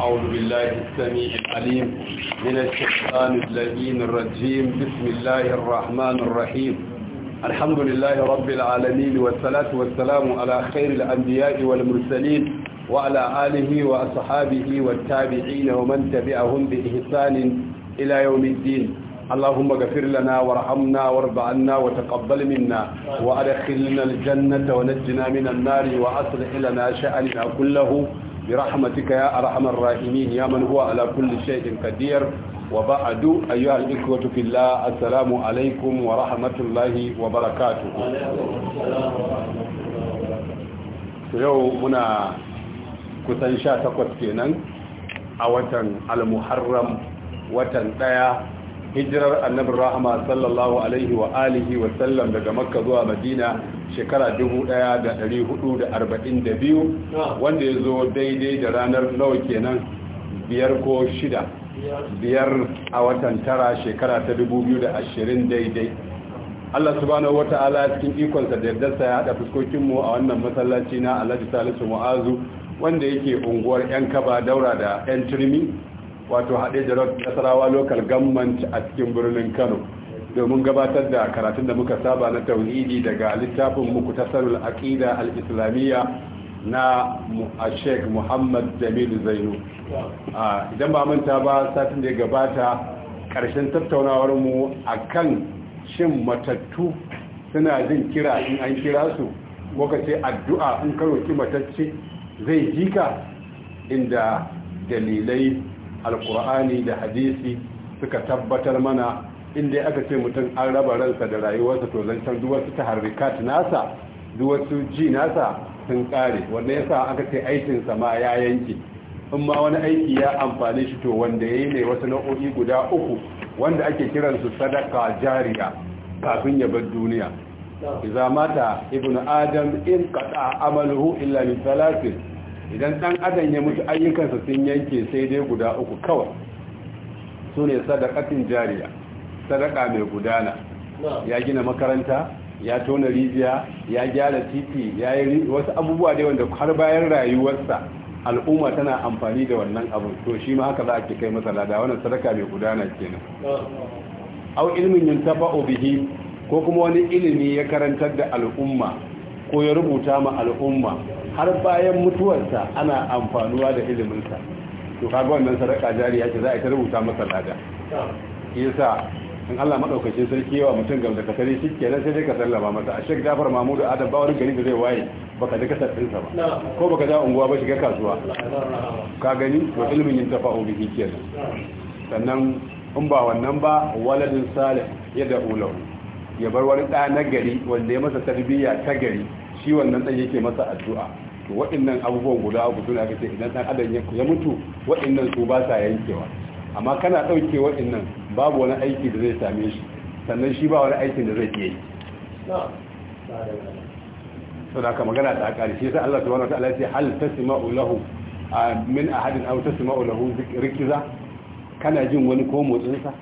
أعوذ بالله السميع العليم من الشيطان اللذين الرجيم بسم الله الرحمن الرحيم الحمد لله رب العالمين والصلاة والسلام على خير الأنبياء والمرسلين وعلى آله وأصحابه والتابعين ومن تبعهم بإحسان إلى يوم الدين اللهم اغفر لنا وارحمنا وارض عنا وتقبل منا وادخلنا الجنة ونجنا من النار وأصلح لنا شأننا كله برحمتك يا أرحم الراحمين يا من هو على كل شيء قدير وبعد أيها الإخوة في الله السلام عليكم ورحمة الله وبركاته yau muna kusan sha takwas kenan a watan al-muharram watan ɗaya. hijirar annabin rahama sallallahu alaihi wa alihi wa sallam daga makka zuwa madina shekara 1442 wanda ya zo daidai da ranar nawa kenan biyar ko shida biyar a watan tara shekara ta 2020 daidai Allah subhanahu wa ta'ala cikin ikonsa da yardarsa ya haɗa fuskokinmu a wannan masallaci na Alhaji Salisu Mu'azu wanda yake unguwar 'yan kaba daura da 'yan turmi wato haɗe da nasarawa local government a cikin birnin kano domin gabatar da karatun da muka saba na tauhidi daga littafin muku tasarul aqida al-islamiyya na Sheikh Muhammad Jamilu Zainu idan ba manta ba satin da gabata ƙarshen tattaunawar mu akan shin matattu suna jin kira in an kira su ko ka addu'a in karo ki matacce zai jika inda dalilai alkur'ani da hadisi suka tabbatar mana inda aka ce mutum an raba ransa da rayuwarsa to zancen duwatsu ta harrikat nasa duwatsu ji nasa sun kare wanda yasa aka ce aikinsa ma ya yanki in ma wani aiki ya amfani shi to wanda ya yi ne wasu nau'o'i guda uku wanda ake kiransu sadaka jariya kafin ya bar duniya iza mata ibnu adam in qata amaluhu illa min thalathin idan dan adam ya mutu ayyukansa sun yanke sai dai guda uku kawai su ne sadakatin jariya sadaka mai gudana ya gina makaranta ya tona rijiya ya gyara titi ya yi wasu abubuwa dai wanda har bayan rayuwarsa al'umma tana amfani da wannan abun. to shi ma haka za a ke kai masa lada wannan sadaka mai gudana kenan au ilmin tafa'o bihi ko kuma wani ilimi ya karantar da al'umma ko ya rubuta ma al'umma har bayan mutuwarsa ana amfanuwa da iliminsa to kaga wannan sadaka jariya ce za a ta rubuta masa lada yasa in Allah madaukakin sarki yawa mutum gam da kasare shi nan sai dai ka sallama masa a shek Jafar Mahmudu Adam ba gari da zai waye baka da kasar ɗinsa ba ko baka da unguwa ba shiga kasuwa ka gani to ilimin yin tafa'u bihi kenan sannan in ba wannan ba waladin salih ya da ulahu ya bar wani ɗa na gari wanda ya masa tarbiyya ta gari shi wannan ɗan yake masa addu'a to waɗannan abubuwan guda uku suna kace idan ɗan adam ya mutu waɗannan su ba sa yankewa amma kana ɗauke waɗannan babu wani aiki da zai same shi sannan shi ba wani aikin da zai iya yi sau da ka magana ta ƙari shi sai Allah subhanahu wataala ya ce hal tasma'u lahu min ahadin aw tasma'u lahu rikiza kana jin wani ko motsinsa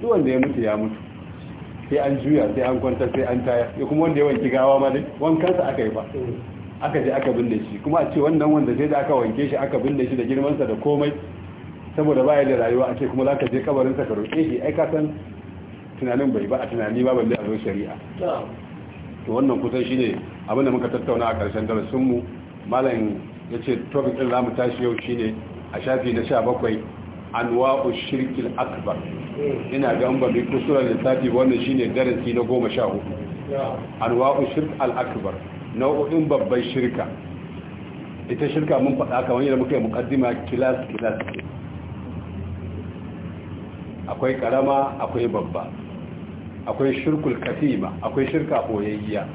duk wanda ya mutu ya mutu sai an juya sai an kwanta sai an taya ya kuma wanda ya wanke gawa ma dai wankansa aka yi ba aka je aka binne shi kuma a ce wannan wanda sai da aka wanke shi aka binne shi da girmansa da komai saboda ya da rayuwa a ce kuma za ka je kabarinsa ka roƙe shi ai ka san tunanin bai ba a tunani ba balle a zo shari'a to wannan kusan shine abin da muka tattauna a ƙarshen darasinmu malam ya ce topic ɗin za mu tashi yau shine a shafi na sha bakwai anwa'u shirkil akbar ina ga an ba mai kusura lissafi wannan shine darasi na goma sha hudu anwa shirk al akbar nau'o'in babban shirka ita shirka mun faɗa wani yadda muka yi mukaddima kilas kilas akwai karama akwai babba akwai shirkul kafima akwai shirka boyayya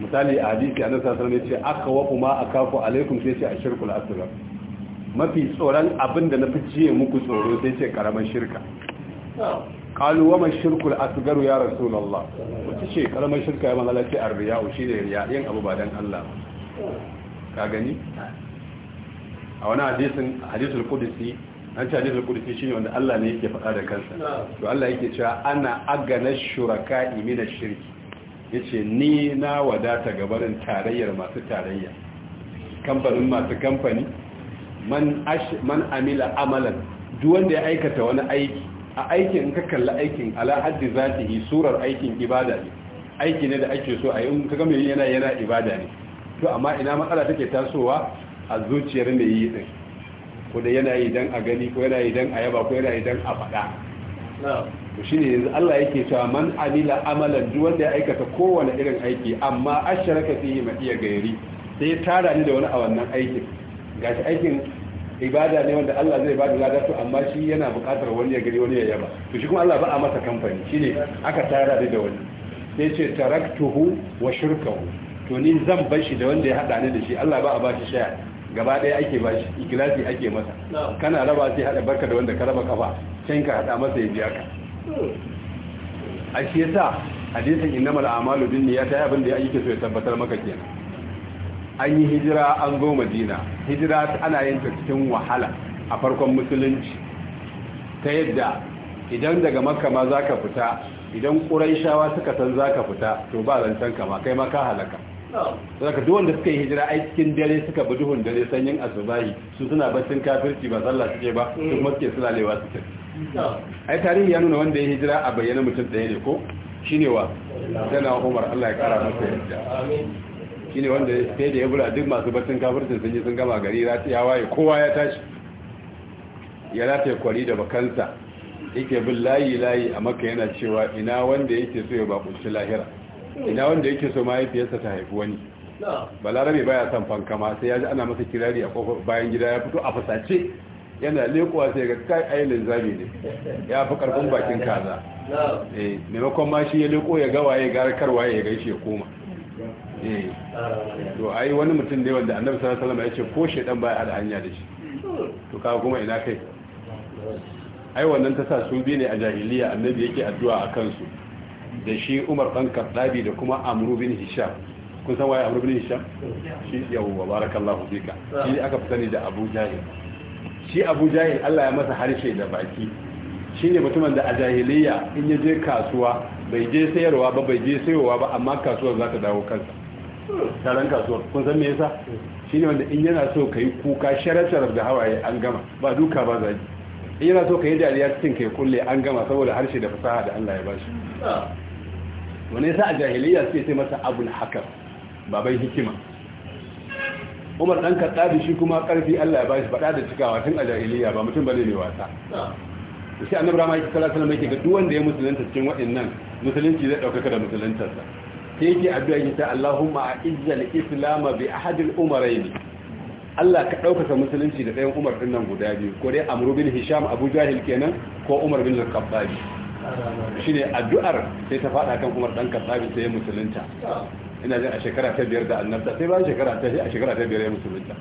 misali a hadisi a nasarar ne ce yace aka wa kuma kafu alaikum sai ce a shirkul asghar mafi tsoron abin da na fi ciye muku tsoro sai ce karamar shirka ƙalu wa mai shirkul asgaru ya lallah. wata ce karamar shirka ya manzala ce arriya'u da riya yin abu ba don Allah ka gani a wani hadisun hadisul kudisi an ce hadisul shi shine wanda Allah ne yake faɗa da kansa to Allah yake cewa ana agana shuraka imi na shirki Ya ce ni na wadata gabarin tarayyar masu tarayya kamfanin masu kamfani man man amila amalan duk wanda ya aikata wani aiki a aikin in ka kalla aikin ala haddi zatihi surar aikin ibada ne aiki ne da ake so a yi in ka ga mai yana yana ibada ne to amma ina matsala take tasowa a zuciyar mai yi din ko da yana yi dan a gani ko yana yi dan a yaba ko yana yi dan a faɗa to shine yanzu Allah yake cewa man amila amalan duk wanda ya aikata kowane irin aiki amma asharaka fihi ma iya gairi sai tara ni da wani a wannan aikin ga shi aikin ibada ne wanda Allah zai bada lada amma shi yana bukatar wani ya gari wani ya yaba to shi kuma Allah ba a masa kamfani shine aka tara da wani sai ce taraktuhu wa shirkahu to ni zan bar da wanda ya hada ni da shi Allah ba a ba shi shaya gaba ɗaya ake ba shi ikilasi ake masa kana raba sai hada barka da wanda ka raba kafa can ka hada masa ya biya ka a shi yasa hadisin innamal a'malu binniyata abin da ya so ya tabbatar maka kenan an yi hijira an zo madina hijira ana yin ta cikin wahala a farkon musulunci ta yadda idan daga makka ma za ka fita idan shawa suka san za ka fita to ba zancen kama kai ma ka halaka daga duk wanda suka yi hijira ai cikin dare suka bi duhun dare sanyin asubahi su suna bacin kafirci ba sallah suke ba su kuma eh. suke sulalewa suke ai tarihi ya nuna wanda ya hijira a bayyana mutum ɗaya ne ko shine wa dana umar Allah ya kara masa yadda shine wanda sai da ya bula duk masu bacin kafircin sun yi sun gama gari ya waye kowa ya tashi ya rataye kwari da bakansa yake bin layi layi a maka yana cewa ina wanda yake so ya bakunci lahira ina wanda yake so mahaifiyarsa ta haifi wani balarabe baya son fankama sai ya ji ana masa kirari a kofar bayan gida ya fito a fasace yana lekuwa sai ga kai ailin zabi ne ya fi karfin bakin kaza eh, maimakon ma shi ya leko ya gawa ya gara karwa ya gaishe ya koma Eh, to ai wani mutum ne wanda annabi sallallahu alaihi wasallam ya ce ko shedan baya da hanya da shi to kaga kuma ina kai ai wannan ta sa sun bi ne a jahiliya annabi yake addu'a a kansu da shi Umar dan Kaddabi da kuma Amr bin Hisham kun san waye Amr bin Hisham shi yawwa barakallahu fika shi aka fi sani da Abu Jahil shi Abu Jahil Allah ya masa harshe da baki shine mutumin da a jahiliya in ya je kasuwa bai je sayarwa ba bai je sayowa ba amma kasuwar za ta dawo kansa taron kasuwar kun san me yasa ne wanda in yana so kai kuka sharar da hawaye an gama ba duka ba ji in yana so kai dariya cikin kai kulle an gama saboda harshe da fasaha da Allah ya bashi wani yasa a jahiliya suke sai masa abul hakam baban hikima Umar dan Khattabi shi kuma karfi Allah ya bashi fada da cikawa tun a jahiliya ba mutum ne mai wasa sai annabi rama yake sallallahu alaihi wasallam yake ga duk wanda ya musulunta cikin waɗannan musulunci zai ɗaukaka da musuluntarsa sai yake addu'a yake ta Allahumma a'izzal islam bi ahadil umarayn Allah ka ɗaukaka musulunci da ɗayan Umar dinnan guda biyu ko dai Amr bin Hisham Abu Jahil kenan ko Umar bin Al-Khattab shine addu'ar sai ta faɗa kan Umar dan Khattab sai ya musulunta ina jin a shekara ta biyar da annabta sai ba shekara ta a shekara ta biyar ya musulunta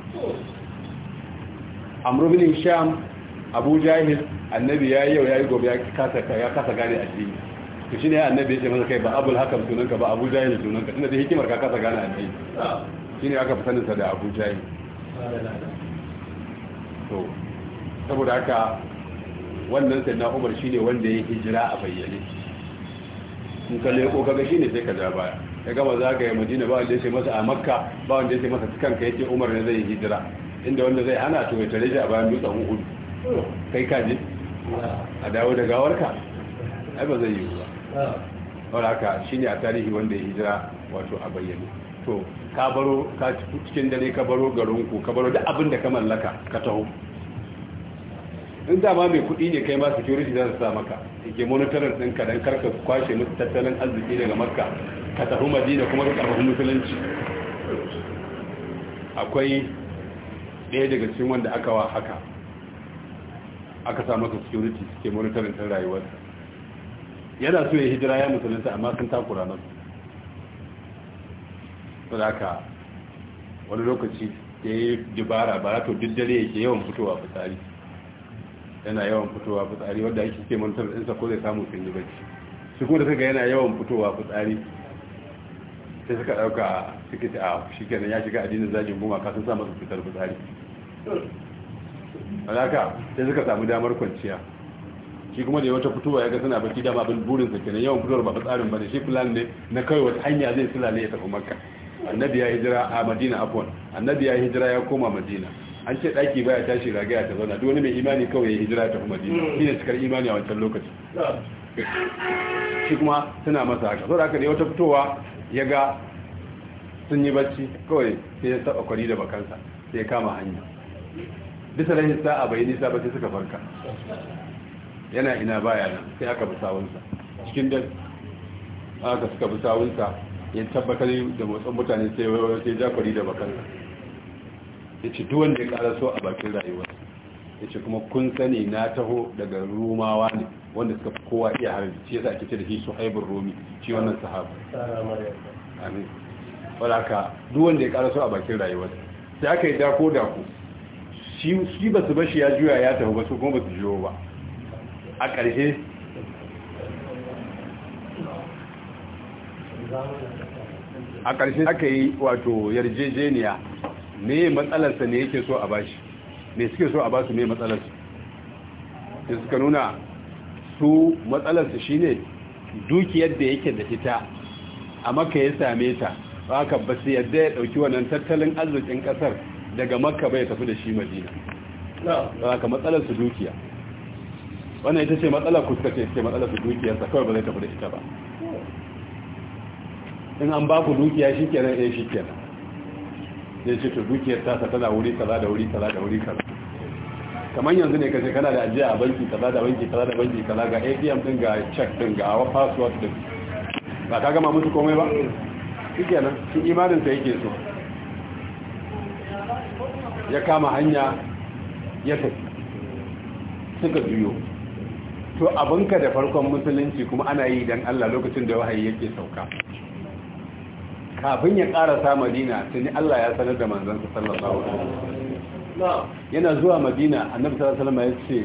amru bin hisham abu jahil annabi ya yi yau ya yi gobe ya kasa gane addini to shine ya annabi ya ce masa kai ba abul hakam sunanka ba abu jahil sunanka tunda da hikimar ka kasa gane addini shine aka fi saninsa da abu jahil to saboda haka wannan sai na umar shine wanda ya hijira a bayyane in ka leko kaga shine sai ka ja baya ya gama yi madina ba wanda ya ce masa a makka ba wanda ya ce masa ya ce umar ne zai hijira inda wanda zai hana to ya tare shi a bayan dutsen uhudu kai kaji a dawo da gawarka ai ba zai yi ba wala haka shi ne a tarihi wanda ya hijira wato a bayyane to ka baro ka cikin dare ka baro garinku ka baro duk abin da ka mallaka ka taho in dama mai kuɗi ne kai ma security za su sa maka ke din ka dan karka kwashe musu tattalin arziki daga makka ka taho madina kuma ka karɓi musulunci akwai ɗaya daga cikin wanda aka wa haka aka sa maka security suke monitoring ɗin rayuwarsa yana so ya hijira ya musulunta amma sun takura masa su da aka wani lokaci ya yi dubara ba to duk dare yake yawan fitowa fitsari yana yawan fitowa fitsari wadda ake suke monitoring ɗinsa ko zai samu sun yi bacci su kuma da suka yana yawan fitowa fitsari sai suka ɗauka suke ta ah, a shi kenan ya shiga addinin zagin goma kasan sa masa fitar fitsari alaka sai suka samu damar kwanciya shi kuma da ya wata fitowa ya ga suna baki dama abin burin sa kenan yawan fitowar ba tsarin ba ne shi plan ne na kawai wata hanya zai sula ne ya tafi makka annabi ya hijira a madina afwan annabi ya hijira ya koma madina an ce daki baya tashi ragaya ta zauna duk wani mai imani kawai ya hijira ya tafi madina hmm. shine cikar imani a wancan lokaci shi kuma suna masa haka saboda haka ne wata fitowa ya ga sun yi bacci kawai sai ya taɓa kwari da bakansa sai ya kama hanya bisa rahin sa'a bai nisa ba sai suka farka yana ina baya nan sai aka bi sawunsa cikin dan aka suka bi sawunsa ya tabbatar da motsin mutane sai wayo sai jakwari da bakan ya ce duk wanda ya ƙara so a bakin rayuwa ya ce kuma kun sani na taho daga rumawa ne wanda suka fi kowa iya harbi shi yasa ake ce da shi su haibun romi shi wannan sahaba amin wadaka duk wanda ya ƙara so a bakin rayuwa sai aka yi dako dako shi ba su bashi ya juya ya tafi ba su kuma ba su juyo ba a ƙarshe a ƙarshe aka yi wato yarjejeniya ne matsalarsa ne yake so a bashi ne suke so a basu ne matsalarsa da suka nuna su matsalarsa shi ne dukiyar da yake da fita a maka ya same ta ba ka basu yadda ya ɗauki wannan tattalin arzikin ƙasar daga makka bai tafi da shi madina za ka matsalar su dukiya wannan ita ce matsalar kuskace ce matsalar su dukiya sa kawai ba zai tafi da ita ba in an ba ku dukiya shi kenan ya eh, shi kenan zai ce to dukiyar tasa tana wuri kaza da wuri kaza da wuri kaza kamar yanzu ne kashe kana da ajiya a banki kaza da banki kaza da banki kaza ga ATM din ga check din ga Awa password din ba ka gama musu komai ba shi kenan shi imanin ta yake so ya kama hanya ya tafi suka biyo to abinka da farkon musulunci kuma ana yi don Allah lokacin da wahayi yake sauka kafin ya sa madina tuni Allah ya sanar da manzansa sallallahu alaihi yana zuwa madina annabi sallallahu alaihi ya ce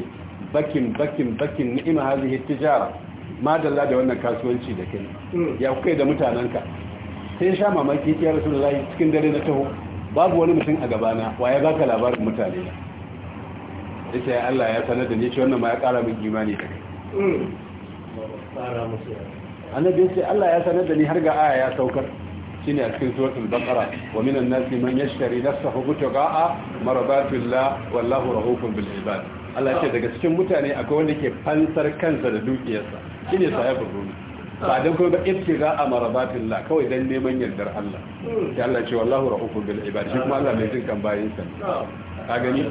bakin bakin bakin ni'ima hazihi tijara madalla da wannan kasuwanci da kai hmm. ya kai da mutananka sai sha mamaki ya rasulullahi cikin dare na taho babu wani mutum a gabana wa ya baka labarin mutane ya ce Allah ya sanar da ni ce wannan ma ya kara min imani da kai annabi ce Allah ya sanar da ni har ga aya ya saukar shine a cikin suratul baqara wa minan nasi man yashtari nafsahu butqa'a maradatillah wallahu rahufun bil ibad Allah ya ce daga cikin mutane akwai wanda ke fansar kansa da dukiyarsa shine ya ruhi ba dan kuma ba ibtiga la kawai dan neman yardar Allah ya Allah ce wallahu ra'ufun bil ibad shi kuma Allah mai jin kan bayin sa ka gani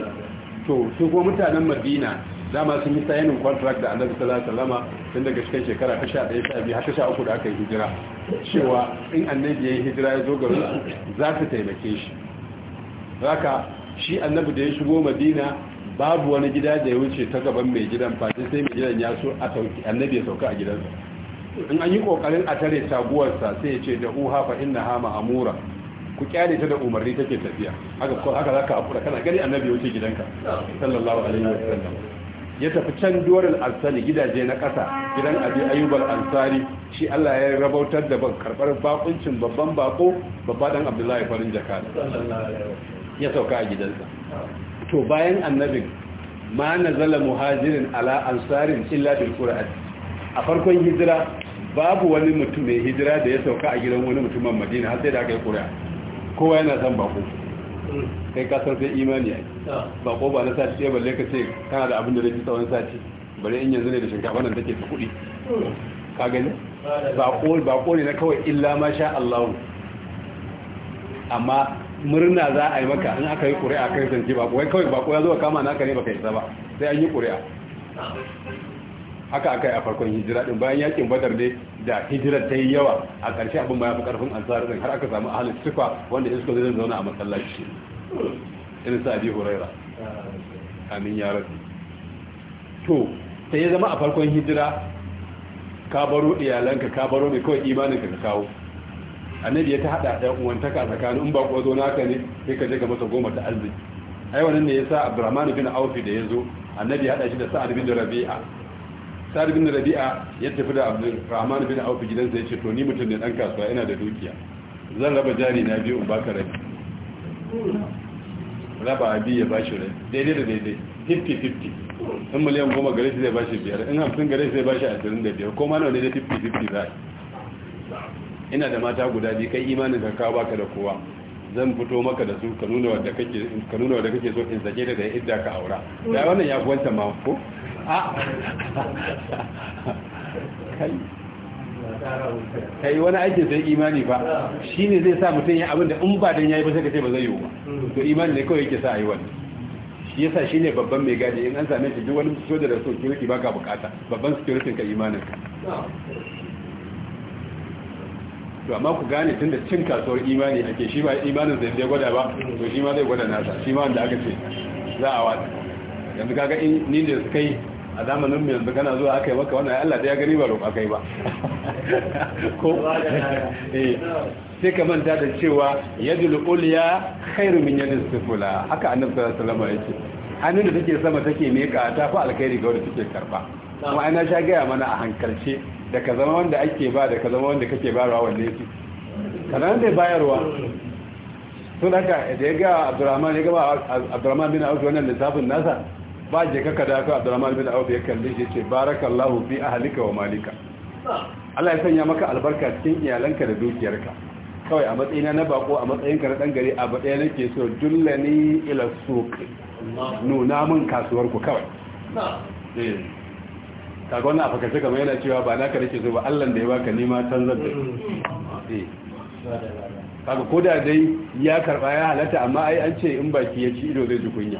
to su kuma mutanen Madina dama sun yi signing contract da Annabi sallallahu alaihi wasallam tun daga cikin shekara ta 11 har ta 13 da aka yi hijira cewa in annabi ya hijira ya zo garin za ta taimake shi haka shi annabi da ya shigo Madina babu wani gida da ya wuce ta gaban mai gidan fa sai mai gidan ya so a sauki annabi ya sauka a gidansa in an yi kokarin a tare taguwarsa sai ya ce da uha fa inna ha ma'amura ku kyale ta da umarni take tafiya haka ko haka zaka akura kana gani annabi wuce gidanka sallallahu alaihi wasallam ya tafi can duwar al-ansari gidaje na kasa gidan abi ayyub al-ansari shi Allah ya rabautar da ban karbar bakuncin babban bako babba dan abdullahi farin jaka ya sauka a gidansa to bayan annabin ma nazala muhajirin ala ansarin illa bil qur'an a farkon hijira babu wani mutum mai hijira da ya sauka a gidan wani mutumin madina har sai da aka yi ƙuri'a kowa yana son bako kai ka san sai imani yi ah. bako ba na sati ɗaya balle ka ce kana da abin da rage tsawon sati bare in yanzu ne da shinkafa nan take ta kuɗi ka gani bako bako ne na kawai illa ma sha Allah amma murna za a yi maka in aka yi ƙuri'a kai zance bako wai kawai bako ya zo kama naka ne baka yi ba sai an yi ƙuri'a haka aka yi a farkon hijira din bayan yakin badar ne da hijirar ta yi yawa a ƙarshe abin ma ya fi ƙarfin ansar din har aka samu ahalin sufa wanda iska zai zauna a masallaci irin sa abi huraira amin ya rabbi to sai ya zama a farkon hijira ka baro iyalanka ka baro mai kawai imaninka ka kawo annabi ya ta hada ɗan uwantaka tsakanin in ba ko zo naka ne sai ka je ga masa goma ta arziki ai wannan ne yasa abdurrahman bin auf da yazo annabi ya hada shi da sa'ad bin rabi'a sa'ad bin rabi'a ya tafi da rahman bin auf gidansa yace to ni mutum ne dan kasuwa ina da dukiya zan raba jari na biyu in baka rabi raba abi ya bashi rabi daidai da daidai 50-50 in miliyan goma gare shi zai bashi biyar in hamsin gare shi zai bashi ashirin da biyar ko ma nawa daidai 50-50 za ina da mata guda biyu kai imanin ka kawo baka da kowa zan fito maka da su ka nuna wadda kake so in sake daga idda ka aura da wannan ya fi wancan ma ko kai wani aikin sai imani ba shi ne zai sa mutum ya abinda in ba don ya yi ba sai ka ce ba zai yi ba to imani ne kawai yake sa a yi wani shi yasa shi ne babban mai gadi in an same shi duk wani soja da security ba ka bukata babban security ka imanin ka to amma ku gane tun da cin kasuwar imani ake shi ba imanin zai zai gwada ba to shi ma zai gwada nasa shi ma wanda aka ce za a wata yanzu kaga in ni da suka yi a zamanin mu yanzu kana zuwa aka yi maka wannan Allah da ya gani ba roƙa kai ba ko eh. sai ka manta da cewa yadul ulya khairu min yadis sufula haka annabi sallallahu alaihi wasallam yake hannun da take sama take meka ta fa alkhairi ga wanda take karba kuma ana sha gaya mana a hankalce da ka zama wanda ake ba da ka zama wanda kake bayarwa wanne su kana da bayarwa sun haka da ya ga Abdurrahman ya ga Abdurrahman bin Auf wannan lissafin nasa ba je kaka da aka Abdurrahman bin Auf ya kalle shi ce barakallahu fi ahlika wa malika Allah ya sanya maka albarka cikin iyalanka da dukiyarka kawai a matsayina na bako a matsayinka na dan gari a baɗaya nake so dullani ila suq nuna min kasuwar ku kawai eh. kaga gona a kace kamar yana cewa ba naka nake so ba Allah da ya baka nima canzar da eh. kaga ko da dai ya karba ya halatta amma ai an ce in baki ya ci ido zai ji kunya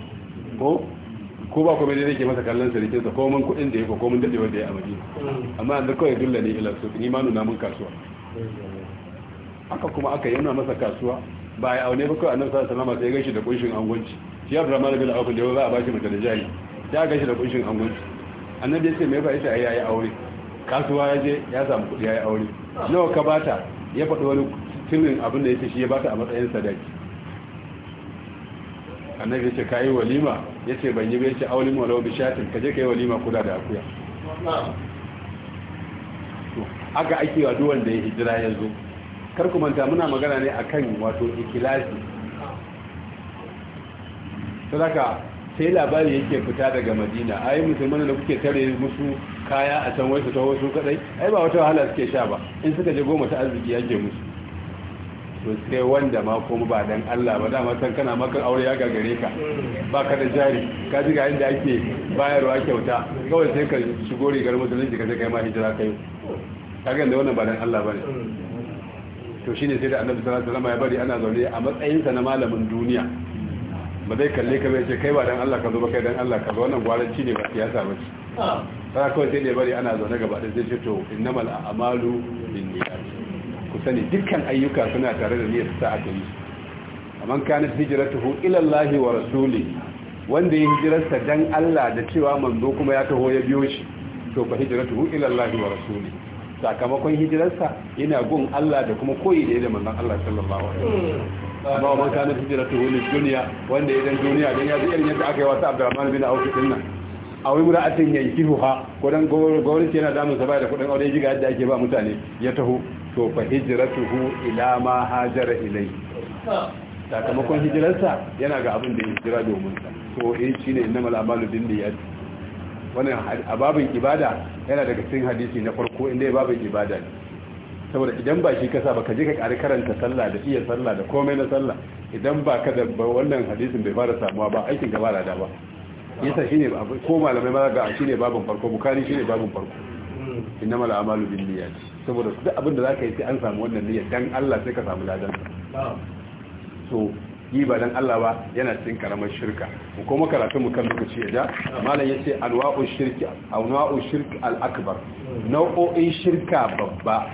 ko ko ba kuma dai ke masa kallon sarkin sa ko mun kuɗin da yake ko mun dade wanda ya madina amma an da kawai dulla ne ila su ni ma nuna mun kasuwa haka kuma aka yana masa kasuwa ba ya aune ba ko annabi sallallahu alaihi wasallam sai gashi da kunshin angunci shi ya Abdurrahman bin Auf da za a shi mutan da jari ya gashi da kunshin angunci annabi ya ce me ba yace ai yayi aure kasuwa ya je ya samu kuɗi yi aure nawa ka bata ya faɗi wani tilin abin da yake shi ya bata a matsayin sadaki annabi yace kai walima yace ban yi ba yace awlim walau bi shatin kaje kai walima kuda da akuya to haka ake wa duk wanda ya hijira yanzu kar ku manta muna magana ne akan wato ikilasi sadaka sai labari yake fita daga madina ai musulman da kuke tare musu kaya a can wai su taho kadai ai ba wata wahala suke sha ba in suka je goma ta arziki yake musu to sai wanda ma kuma ba dan Allah ba dama san kana maka aure ya gagare ka ba ka da jari ka ji ga inda ake bayarwa kyauta kawai sai ka shigo rigar musulunci ka sai kai ma hijira kai kaga da wannan ba dan Allah bane to shine sai da Annabi sallallahu alaihi wasallam ya bari ana zaune a matsayin sa na malamin duniya ba zai kalle ka bai ce kai ba dan Allah ka zo ba kai dan Allah ka zo wannan gwaranci ne ba siyasa ba ce ah. sai kawai sai da bari ana zaune gaba da sai ce to innamal a'malu niyyati ku sani dukkan ayyuka suna tare da niyyar sa aka yi amma kana hijratuhu ila Allah wa rasuli wanda ya hijirarsa dan Allah da cewa manzo kuma ya taho ya biyo shi to fa hijratuhu ila Allah wa rasuli sakamakon hijirarsa yana gun Allah da kuma koyi da manzon Allah sallallahu alaihi wasallam amma wa kana hijratuhu wani duniya wanda ya dan duniya dan ya irin yadda aka yi wasu Abdurrahman bin Auf din nan a wai mura atin yankihu ha ko dan gwamnati yana damun sa bai da kudin aure jiga yadda ake ba mutane ya taho to fa hijratuhu ila ma hajara ilai sakamakon hijirarsa yana ga abin da ya hijira domin sa to eh shine innamal a'malu binniyat wannan ababin ibada yana daga cikin hadisi na farko inda babin ibada ne saboda idan ba shi kasa ba ka je ka ƙari karanta sallah da iya sallah da komai na sallah idan ba ka da wannan hadisin bai fara samuwa ba aikin gaba da ba yasa shine ko malamai ma ga shine babin farko bukari shine babin farko innamal a'malu binniyat saboda duk abin da za ka yi sai an samu wannan niyyar dan Allah sai ka samu ladan so yi ba dan Allah ba yana cikin karamar shirka mu kuma karatu mu kan lokaci ya ja malam yace alwa'u shirki alwa'u shirki al-akbar nau'o'in shirka babba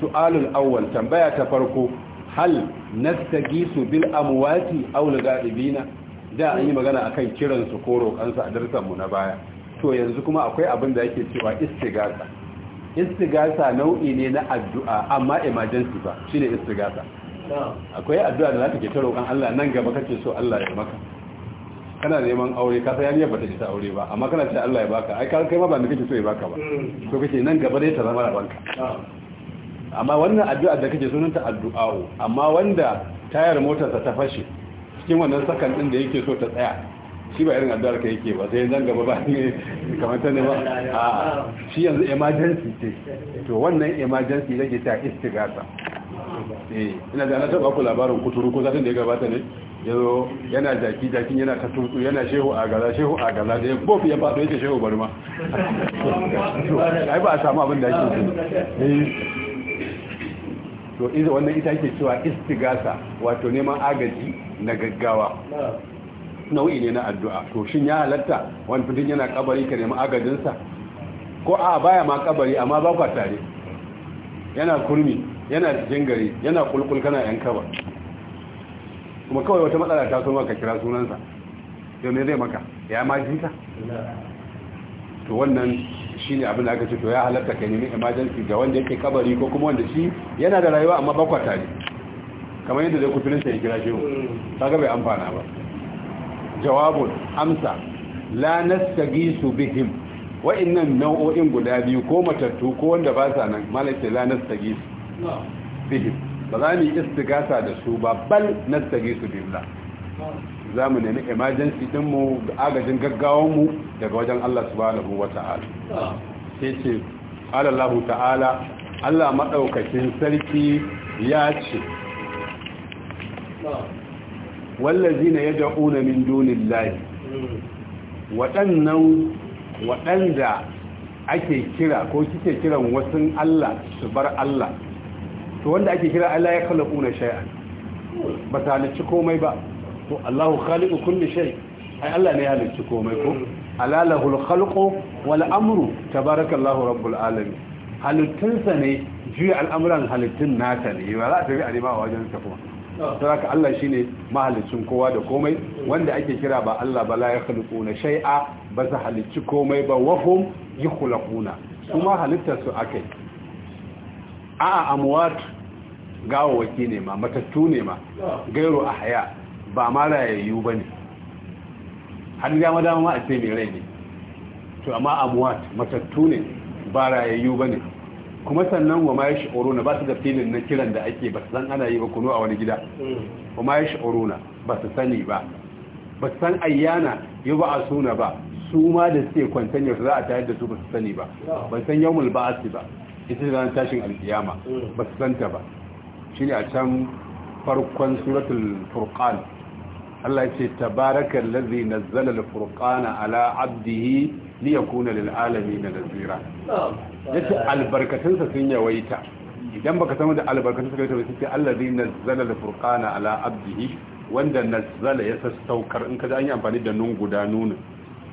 su'alul awwal tambaya ta farko hal nastagisu bil amwati aw lagaibina da an yi magana akan kiran su ko roƙansu a darsan mu na baya to yanzu kuma akwai abin da yake cewa istighatha istigasa nau'i ne na addu'a amma emergency ba shine istigasa akwai addu'a da za ta ke ta roƙon Allah nan gaba kake so Allah ya maka kana neman aure ka san yariyar bata isa aure ba amma kana ce Allah ya baka ai kai ma ba ni kace so ya baka ba mm. to kace nan gaba dai ta zama rabanka amma wannan addu'a da kake sunanta addu'a amma wanda tayar motarsa ta fashe cikin wannan sakan din da yake so ta tsaya shi ba irin addu'ar ka yake ba sai zan gaba ba ne kamar ta ne ba a shi yanzu emergency ce to wannan emergency rage ta istigasa eh ina da na taba ku labarin kuturu ko zatin da ya gabata ne yazo yana jaki jakin yana ta yana shehu a gaza shehu a gaza da bofi ya fado yake shehu barma ai ba a samu abin da yake eh to idan wannan ita yake cewa istigasa wato neman agaji na gaggawa nau'i ne na addu'a to shin ya halatta wani fitin yana kabari ka nemi agajinsa ko a baya ma kabari amma ba kwa tare yana kurmi yana cikin gari yana kulkul kana yan kaba kuma kawai wata matsala ta so maka kira sunansa yau ne zai maka ya ma jinta to wannan shi ne abin da aka ce to ya halatta ka nemi emergency ga wanda yake kabari ko kuma wanda shi yana da rayuwa amma bakwa tare kamar yadda zai kuturinsa ya kira shi ta ya amfana ba jawabun amsa la nastagisu bihim wa'annan nau'o'in guda biyu ko matattu ko wanda ba sa nan malaka la nastagisu bihim ba za istigasa da su ba bal nastagisu billah za mu nemi emergency mu da agajin mu daga wajen Allah subhanahu wa ta'ala sai ce alallahu ta'ala Allah maɗaukacin sarki ya ce wallazina yad'una min dunillahi waɗannan waɗanda ake kira ko kike kiran wasu Allah su bar Allah to wanda ake kira Allah ya khalaquna shay'an ba ta halicci komai ba to Allahu khaliqu kulli shay ai Allah ne ya halicci komai ko alalahul khalqu wal amru tabarakallahu rabbul alamin halittunsa ne juya al'amuran halittun nata ne ba za ta bi a wajen sa kuma don haka Allah ne mahalicin kowa da komai wanda ake kira ba Allah ba la na shai'a ba su halicci komai ba yi hum su kuma halittar su akai a'a amwat gawawaki ne ma matattu ne ma gairu haya ba ma rayayyu ne har ga madama ma a ce mai rai ne to amma amwat matattu ne ba rayayyu ne. kuma sannan wa ma ya shi'uruna ba su da filin na kiran da ake ba su san ana yi ba kuno a wani gida mm. wa ma ya shi'uruna ba su sani ba ba su san ayyana yi ba a suna ba su ma da suke kwanton yau za a tayar da su ba su sani ba ban san yawmul ba'asi ba ita da ran tashin alkiyama mm. ba su santa ba ne a can farkon suratul furqan Allah ya ce tabarakal ladzi nazzala al-furqana ala 'abdihi liyakuna lil alamin nazira. ya ce albarkatunsa sun yawaita idan baka san da albarkatunsa sa yawaita ba sai Allah zai nazzala al-furqana ala abdihi wanda nazzala ya sassaukar in kaji an yi amfani da nun guda nuna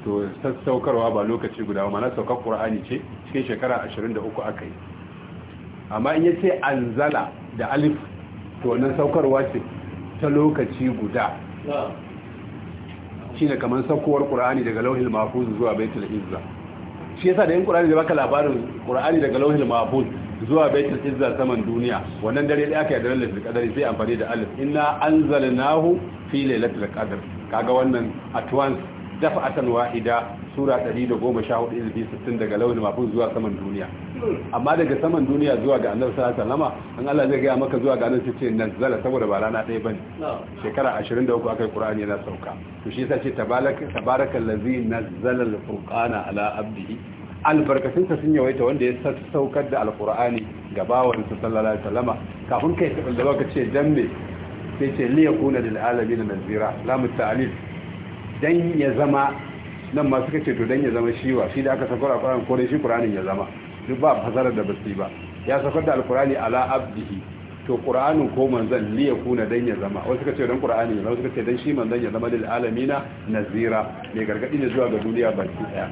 to sassaukarwa ba lokaci guda ba mana saukar qur'ani ce cikin shekara 23 aka yi amma in yace anzala da alif to nan saukarwa ce ta lokaci guda shine kamar saukowar qur'ani daga lauhil mahfuz zuwa baitul izza shi yasa da yin qur'ani da baka labarin ƙurani daga lauhil mahfuz zuwa baitul izzar saman duniya wannan dare da aka da lailatul kadari sai amfani da alif inna anzalnahu fi lailatul qadr kaga wannan at once dafa'atan wahida sura 114 izbi 60 daga launin mafi zuwa saman duniya amma daga saman duniya zuwa ga annabi sallallahu alaihi wasallam an Allah zai ga maka zuwa ga annabi sai ce zala saboda ba rana ɗaya bane shekara 23 akai qur'ani yana sauka to shi yasa ce tabaraka tabarakallazi nazzala alfurqana ala abdihi albarkatun ta sun yawaita wanda ya saukar da alqur'ani ga bawan sa sallallahu alaihi wasallam kafin kai ka dalla ka ce dan me sai ce liyakuna lil alamin nazira lamu ta'alif dan ya zama nan ma suka ce to dan ya zama shiwa shi da aka sakar alkurani ko dai shi qur'anin ya zama duk ba fasarar da basu ba ya sakar da alkurani ala abdihi to qur'anin ko manzan li yakuna dan ya zama wasu suka ce dan qur'ani ne wasu suka ce dan shi manzan ya zama lil alamina nazira mai gargadi ne zuwa ga duniya baki daya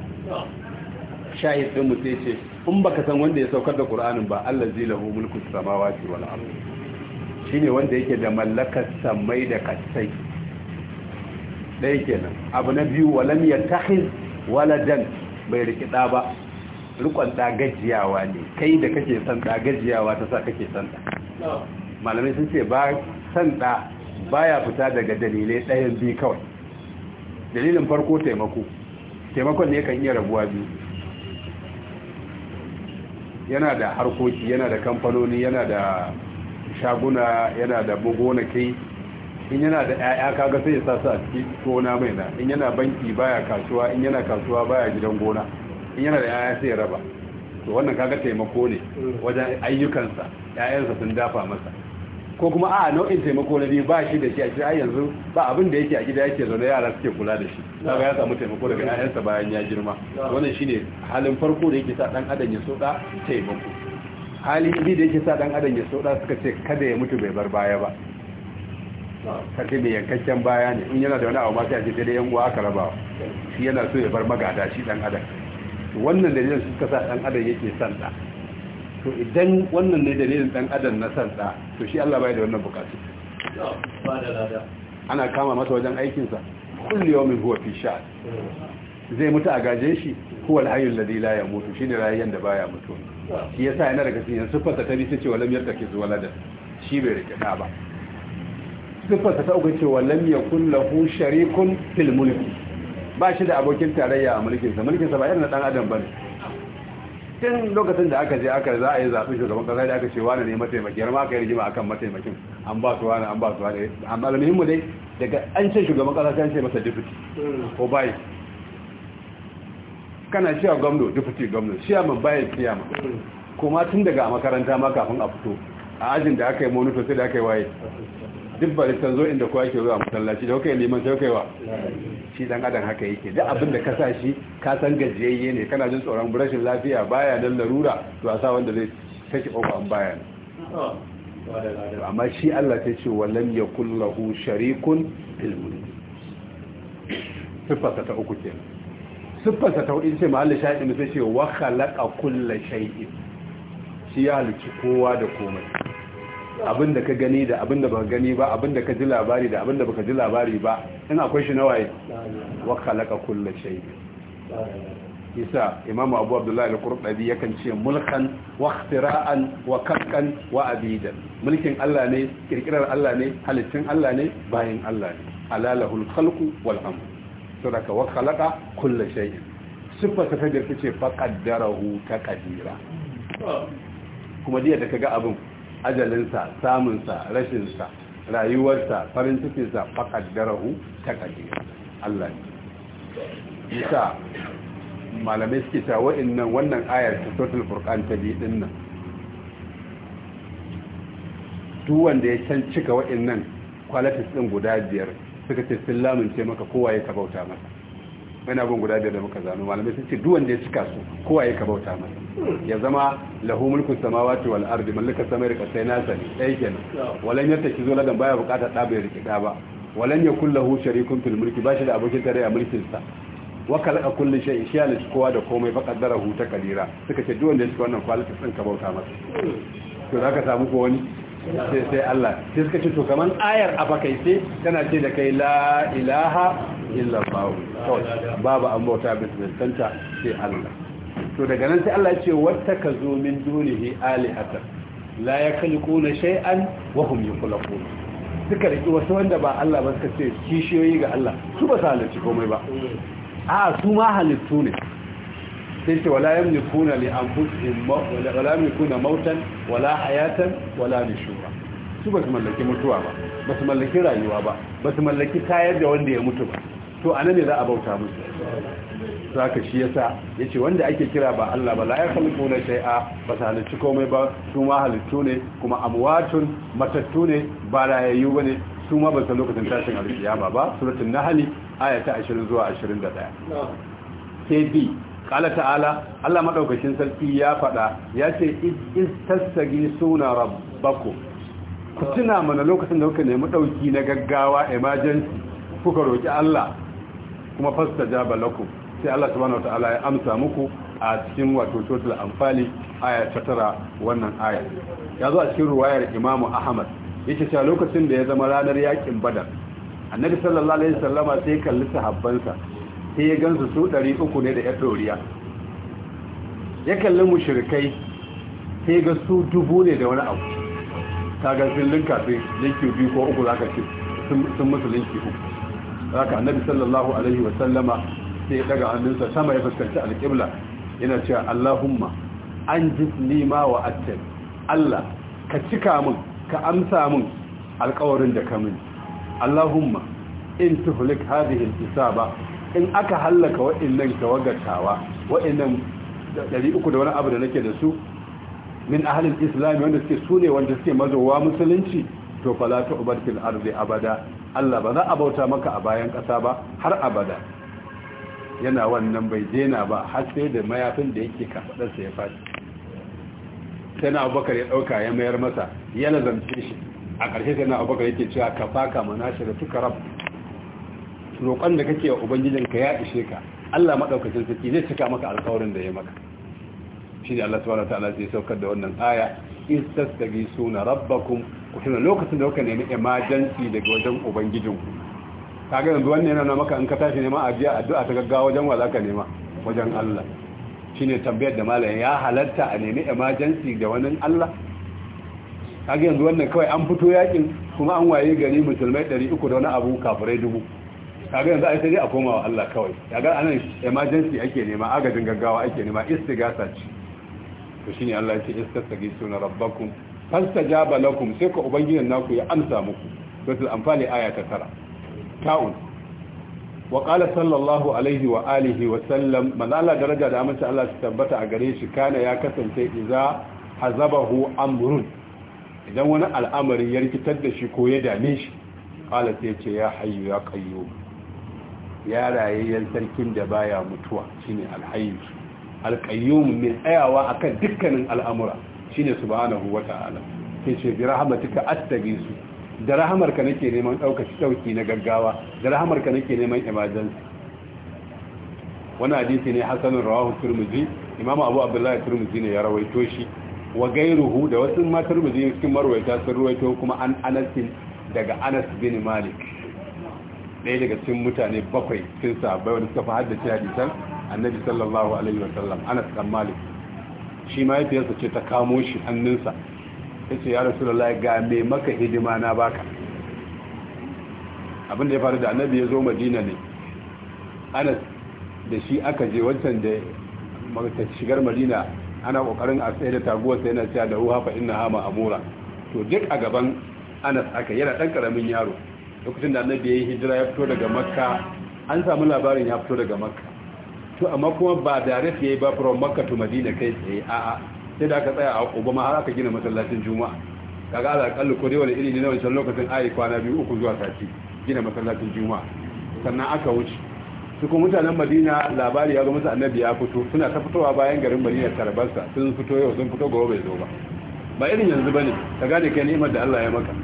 shahid din mutai sai ce in baka san wanda ya saukar da qur'anin ba allazi lahu mulku samawati wal ardh shine wanda yake da mallakar samai da kasai ɗaya kenan abu na biyu walam ya tahin waladan bai riki ba rikon ɗa gajiyawa ne kai da kake son ɗa ta sa kake son ɗa malamai sun ce ba son ɗa ba ya fita daga dalilai ɗayan biyu kawai dalilin farko taimako taimakon ne kan iya rabuwa biyu yana da harkoki yana da kamfanoni yana da shaguna yana da bugonakai in yana da 'ya'ya kaga sai ya sa su a cikin gona mai na in yana banki baya kasuwa in yana kasuwa baya gidan gona in yana da 'ya'ya sai ya raba to wannan kaga taimako ne wajen ayyukansa 'ya'yansa sun dafa masa ko kuma a nau'in taimako na biyu ba shi da shi a cikin yanzu ba abin da yake a gida yake zaune yara suke kula da shi kaga ya samu taimako daga 'ya'yansa bayan ya girma wannan shine halin farko da yake sa dan adam ya soda taimako hali biyu da yake sa dan adam ya soda suka ce kada ya mutu bai bar baya ba kace mai yankakken baya ne in yana da wani abu ma sai a yan uwa aka raba shi yana so ya bar magada shi dan adam wannan dalilin su kasa dan adam yake san da to idan wannan ne dalilin dan adam na san da to shi Allah bai da wannan bukatu ana kama masa wajen aikinsa kulli yawmin huwa fi sha'an zai mutu a gaje shi huwa alhayyul ladhi la yamutu shine rayuwar da baya mutu shi yasa yana daga cikin sifarsa ta bi ta ce walam yarkake zuwa ladan shi bai rike ba siffarsa ta uku cewa lam yakun lahu sharikun fil mulk ba shi da abokin tarayya a mulkin sa mulkin sa ba irin na dan adam bane tun lokacin da aka je aka za a yi zaɓi shugaban kasa da aka ce wani ne mataimaki har ma aka yi rigima akan mataimakin an ba su wani an ba su wani amma da muhimmu dai daga an ce shugaban kasa sai an ce masa deputy ko bai kana a gwamnati deputy gwamno shiya man bayi siyama kuma tun daga a makaranta ma kafin a fito a ajin da aka yi monitor sai da aka yi waye duk da san zo inda kowa ke zuwa masallaci da kai liman sai kai shi dan adam haka yake duk abin da ka sa shi ka san gajiyayye ne kana jin tsoron rashin lafiya baya dan larura to a sa wanda zai take kofa an baya ne amma shi Allah ta ce wallan yakul lahu sharikun fil mulk sifarsa ta uku ce sifarsa ta hudu ce shaidi shaɗin sai ce wa khalaqa kulla shay'in shi ya halici kowa da komai abin da ka gani da abin da ba gani ba abin da ka ji labari da abin da baka ji labari ba in akwai shi nawaye wa khalaqa kullu shay isa imam abu abdullahi al-qurtubi yakan ce mulkan wa ikhtira'an wa kakkan wa abidan mulkin Allah ne kirkirar Allah ne halittun Allah ne bayin Allah ne alalahul khalqu wal amr sadaka wa khalaqa kullu shay sifa ta ce kace faqaddarahu taqdira kuma diya da kaga abin ajalinsa samunsa rashinsa rayuwarsa farin cikinsa faƙaddarahu ta ƙaddira Allah ne isa malamai suke ta wa'innan wannan ayar ta total furkan ta biyu din nan duk wanda ya can cika wa'innan kwalatis ɗin guda biyar suka ce sun lamunce maka kowa ya kabauta masa wani abin guda biyar da muka zano malamai sun ce duwanda ya cika su kowa ya kabauta masa ya zama lahu mulkun ce wal ardi mallaka samai rika sai nasa ne ɗaya kenan walan yadda ki zo ladan baya bukata ɗa bai rikida ba walan ya kulla hu sharikun fil mulki ba shi da abokin tare a mulkin sa wa kalaka kullu shay'in shi yana kowa da komai fa qaddara hu ta kalira suka ce duwanda ya cika wannan kwalifi sun kabauta masa to zaka samu ko wani sai sai Allah sai suka ce to kaman ayar a sai tana ce da kai la ilaha illa babu babu an bauta bisbantanta sai Allah to daga nan sai Allah ya ce wata ka zo min dunihi alihatan la yakhluquna shay'an wa hum yakhluqun suka riki wasu wanda ba Allah ba suka ce kishiyoyi ga Allah su ba salati komai ba a su ma halittu ne sai ce wala yamlikuna li anfusihim wala yamlikuna mautan wala hayatan wala nushura su ba su mallaki mutuwa ba ba su mallaki rayuwa ba ba su mallaki tayar da wanda ya mutu ba to a ne za a bauta musu za ka shi yasa ya ce wanda ake kira ba Allah ba layar halittu na shai'a ba su halittu komai ba su ma halittu ne kuma amuwatun matattu ne ba rayayyu ba ne su ma ba san lokacin tashin alkiyama ba suratun na hali ayata 20 zuwa 21 sai bi kala ta'ala Allah maɗaukashin sarki ya faɗa ya ce iz tasagi suna rabbakum ku tuna mana lokacin da kuka nemi ɗauki na gaggawa emergency kuka roki Allah kuma jaba lakum sai Allah subhanahu wataala ya amsa muku a cikin wato total amfani aya ta tara wannan aya ya zo a cikin ruwayar Imam Ahmad yake cewa lokacin da ya zama ranar yakin Badar Annabi sallallahu alaihi wasallama sai kalli sahabbansa sai ya gansu su 300 ne da yar doriya ya kalli mushrikai sai ga su dubu ne da wani abu kaga ga linka kafin linki biyu ko uku zaka ce sun musu linki uku haka annabi sallallahu alaihi wa sallama sai daga hannunsa sama ya fuskanci alƙibla yana cewa Allahumma an jifni wa attab Allah ka cika min ka amsa min alƙawarin da ka min Allahumma in tuhlik hadhihi al-isaba in aka hallaka wa'annan tawagatawa wa'annan 300 da wani abu da nake da su min ahlul islam wanda suke sune wanda suke mazowa musulunci to fala tu'bad fil ardi abada Allah ba za a bauta maka a bayan ƙasa ba har abada yana wannan bai jena ba har sai da mayafin da yake kafaɗarsa ya faɗi sai na abubakar ya ɗauka ya mayar masa ya zance shi a ƙarshe sai na abubakar yake cewa ka faka mana shi da suka rab roƙon da kake wa ubangijinka ya ishe ka Allah maɗaukacin sarki zai cika maka alƙawarin da ya maka shi ne Allah subhanahu wa ta'ala zai saukar da wannan aya in suna rabbakum ku tuna lokacin da kuka nemi emergency daga wajen ubangijin kaga yanzu wannan yana maka in ka tashi neman ajiya addu'a ta gaggawa wajen wa zaka nema wajen Allah shine tambayar da malam ya halatta a nemi emergency da wani Allah kaga yanzu wannan kawai an fito yakin kuma an waye gari musulmai 300 da wani abu kafirai dubu kaga yanzu ai sai dai a koma wa Allah kawai kaga anan emergency ake nema agajin gaggawa ake nema istighatha ce to shine Allah ya ce istaghfiru rabbakum na lakum sai ka ubangijin naku ya amsa muku suratul amfani aya ta tara ta'un wa sallallahu alaihi wa alihi wa sallam daraja da amince Allah su tabbata a gare shi kana ya kasance idza hazabahu amrun idan wani al'amari ya rikitar da shi ko ya dame shi qala sai ce ya hayyu ya qayyum ya rayayyen sarkin da baya mutuwa shine alhayyu mai min ayawa akan dukkanin al'amura shine subhanahu ta'ala. Ke ce bi rahmatika su. da rahamarka nake neman ɗaukaci dauki na gaggawa da rahamarka nake neman emergency wannan hadisi ne hasanun rawahu turmuzi imamu abu abdullahi turmuzi ne ya rawaito shi wa gairuhu da wasu ma turmuzi cikin marwaita sun rawaito kuma an anasin daga anas bin malik ɗaya daga cikin mutane bakwai cikin sahabbai wanda suka fi haddace hadisan annabi sallallahu alaihi wa sallam anas kan malik shi mahaifiyarsa ce ta kamo shi hannunsa ya ce ya rasu da ga mai maka hidima na baka abinda ya faru da annabi ya zo madina ne anas da shi aka je wancan da shigar madina ana kokarin a tsaye da taguwarsa yana cewa da ruha fa inna hama amura to duk a gaban anas aka yana dan karamin yaro lokacin da annabi ya yi hijira ya fito daga makka an samu labarin ya fito daga makka to amma kuma ba da rafi yayi ba from makka to madina kai tsaye a'a sai da aka tsaya a kuba ma har aka gina masallacin juma'a kaga ala kallu ko dai wani iri ne na wancan lokacin ayi kwana biyu uku zuwa sati gina masallacin juma'a sannan aka wuce su kuma mutanen madina labari ya zo musu annabi ya fito suna ta fitowa bayan garin madina tarbarsa sun fito yau sun fito gobe zo ba ba irin yanzu bane ka gane kai ni'imar da Allah ya maka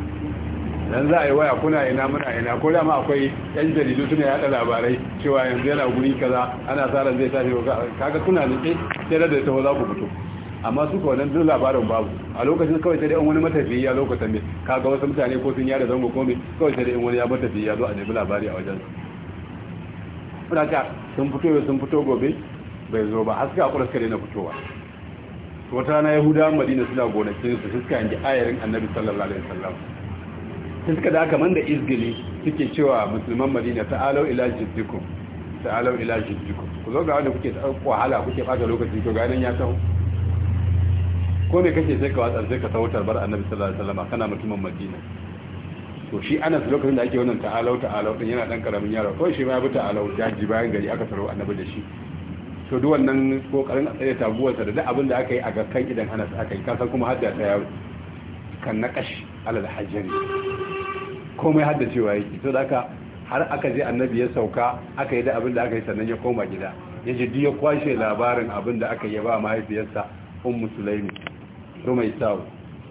dan za a yi waya kuna ina muna ina ko dama akwai yan jaridu suna yada labarai cewa yanzu yana guri kaza ana sa ran zai tashi kaga kuna ne sai da ta za ku fito amma su kawai duk labarin babu a lokacin kawai sai dai wani matafiya ya lokacin ne kaga wasu mutane ko sun yada zango komai kawai sai dai wani ya matafiya ya zo a nemi labari a wajen sun fito sun fito gobe bai zo ba haska akwai suka daina fitowa wata rana yahudawan madina suna gonakin su suka yanki ayarin annabi sallallahu alaihi wasallam sai suka da kaman da izgili suke cewa musulman madina ta'alau ila jiddikum ta'alau ila jiddikum ku zo ga wanda kuke wahala kuke bata lokaci to ga ya taho ko me kake sai ka watsar sai ka taho bar annabi sallallahu alaihi wasallam kana mutumin madina to shi anas lokacin da ake wannan ta'alau ta'alau din yana dan karamin yaro ko shi ma ya bi ta'alau jaji bayan gari aka taro annabi da shi to duk wannan kokarin a tsaye taguwarsa da duk abin da aka yi a gaskan idan anas aka yi kasan kuma hadda ta yawo kan na kashi alal hajjari komai cewa yake to da har aka je annabi ya sauka aka yi da abin da aka yi sannan ya koma gida ya ji ya kwashe labarin abin da aka yi ba mahaifiyarsa ummu sulaimi rumai sau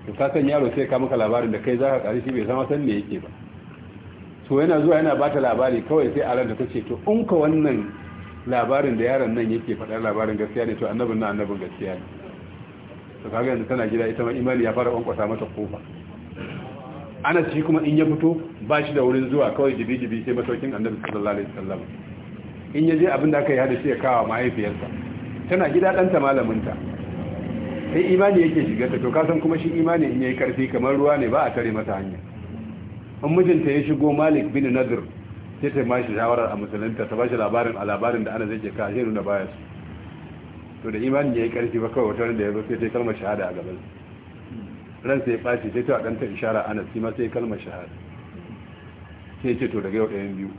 to ka san yaro sai ka maka labarin da kai za ka kare shi bai zama san me yake ba to yana zuwa yana bata labari kawai sai a ranta kace to in ka wannan labarin da yaron nan yake faɗar labarin gaskiya ne to annabin nan annabin gaskiya ne to kaga yanzu tana gida ita ma imani ya fara kwankwasa mata kofa anas shi kuma in ya fito ba shi da wurin zuwa kawai jibi-jibi sai masaukin annabi sallallahu alaihi wasallam in ya je abin da aka yi hada shi ya kawo mahaifiyarsa tana gida ta malaminta sai imani yake shiga ta to kasan kuma shi imani in yayi karfi kamar ruwa ne ba a tare masa hanya in mijinta ya shigo malik bin nadir sai ta mashi shawarar a musulunta ta bashi labarin a labarin da ana zai ke kashe nuna baya su to da imani ya yi karfi ba kawai wata da ya zo sai ta kalmar shahada a gaban su ran sai ɓaci sai ta ɗanta ishara a shi ma sai kalmar shahada sai ce to daga yau ɗayan biyu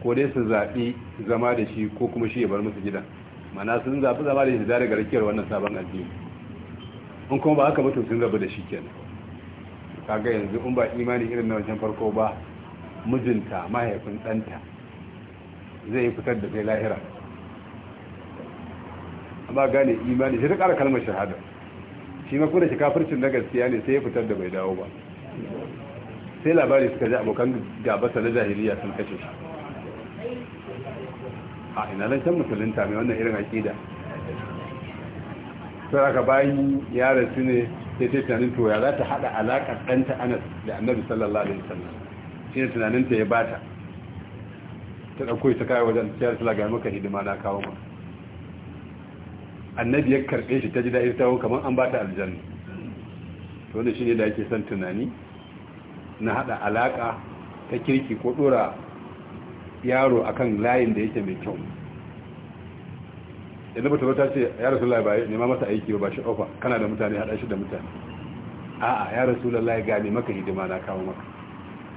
ko dai su zaɓi zama da shi ko kuma shi ya bar musu gidan mana sun zaɓi zama da shi zare ga rakiyar wannan sabon addini in kuma ba haka ba to sun rabu da shi kenan kaga yanzu in ba imani irin na wancan farko ba mijinta mahaifin ɗanta zai fitar da kai lahira amma gane imani sai ta ƙara kalmar shahada shi ma kuna shi kafircin na gaskiya ne sai ya fitar da bai dawo ba sai labari suka ji abokan gabasa na jahiliya sun kashe shi a ina nan can musulunta mai wannan irin aƙida sai aka bayan ya rasu ne sai ta tunanin to ya za ta haɗa alaƙar ɗanta anas da annabi sallallahu alaihi wasallam shi ne ta ya bata ta ɗauko ta kawo wajen ciyar sulaga maka hidima na kawo maka annabi ya karbe shi ta ji daɗi ta kamar an ba ta aljanna to wanda shi ne da ake son tunani na haɗa alaƙa ta kirki ko ɗora yaro akan layin da yake mai kyau yadda ba ta ce ya rasu ne nema masa aiki ba shi ofa kana da mutane haɗa shi da mutane a'a ya rasu lai gane maka hidima na kawo maka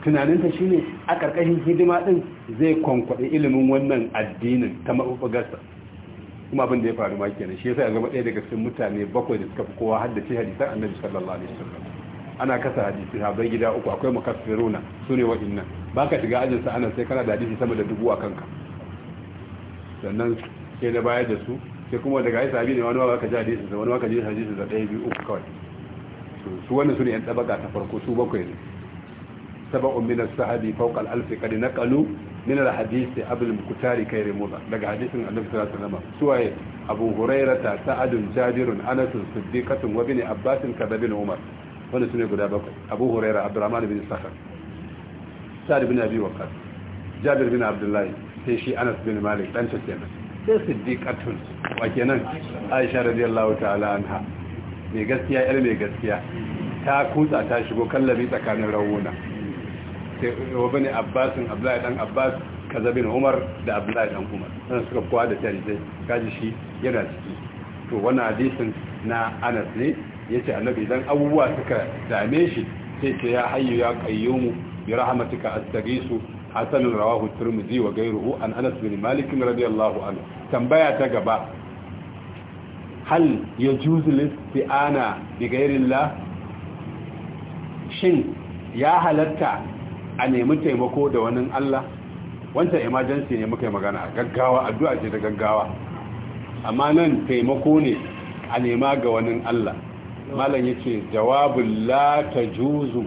tunaninsa shi ne a ƙarƙashin hidima ɗin zai kwankwaɗe ilimin wannan addinin ta maɓuɓɓugarsa kuma abin da ya faru ma kenan shi yasa ya zama ɗaya daga cikin mutane bakwai da suka fi kowa haddace hadisan annabi sallallahu alaihi wasallam ana kasa hadisi ha bai gida uku akwai mukaffiruna sune wa'innan baka shiga ajin sa anan sai kana da hadisi sama da dubu a kanka sannan sai na bayar da su sai kuma daga ai sabi ne wani ba ka ji hadisi wani ba ka ji hadisi da ɗaya biyu uku kawai su wannan sune yan tabaka ta farko su bakwai ne saba'un min as-sahabi fawqa al-alf qad naqalu min al-hadisi abul mukutari kai remoza daga hadisin annabi sallallahu alaihi wasallam suwaye abu hurairata sa'adun jabirun anas siddiqatun wa bin abbas umar wanda sune guda bakwai abu huraira abdurrahman bin sakhar sa'ad bin abi waqas jabir bin abdullahi sai shi anas bin malik dan ta kenan sai siddiqatun wa kenan aisha radiyallahu ta'ala anha mai gaskiya yar mai gaskiya ta kutsa ta shigo kallabi tsakanin rawuna wa bane abbasin abdullahi dan abbas kaza bin umar da abdullahi dan umar sannan suka kowa da tarihi kaji shi yana ciki to wannan hadisin na anas ne yace annabi idan abubuwa suka dame shi sai ce ya hayyu ya qayyumu bi rahmatika astaghisu hasan rawahu tirmidhi wa ghayruhu an anas bin malik radiyallahu anhu tambaya ta gaba hal yajuzu listi'ana bi ghayrillah shin ya halatta a nemi taimako da wani Allah wancan emergency ne muka yi magana gaggawa addu'a ce ta gaggawa amma nan taimako ne a nema ga wani Allah malam yace jawabul la tajuzu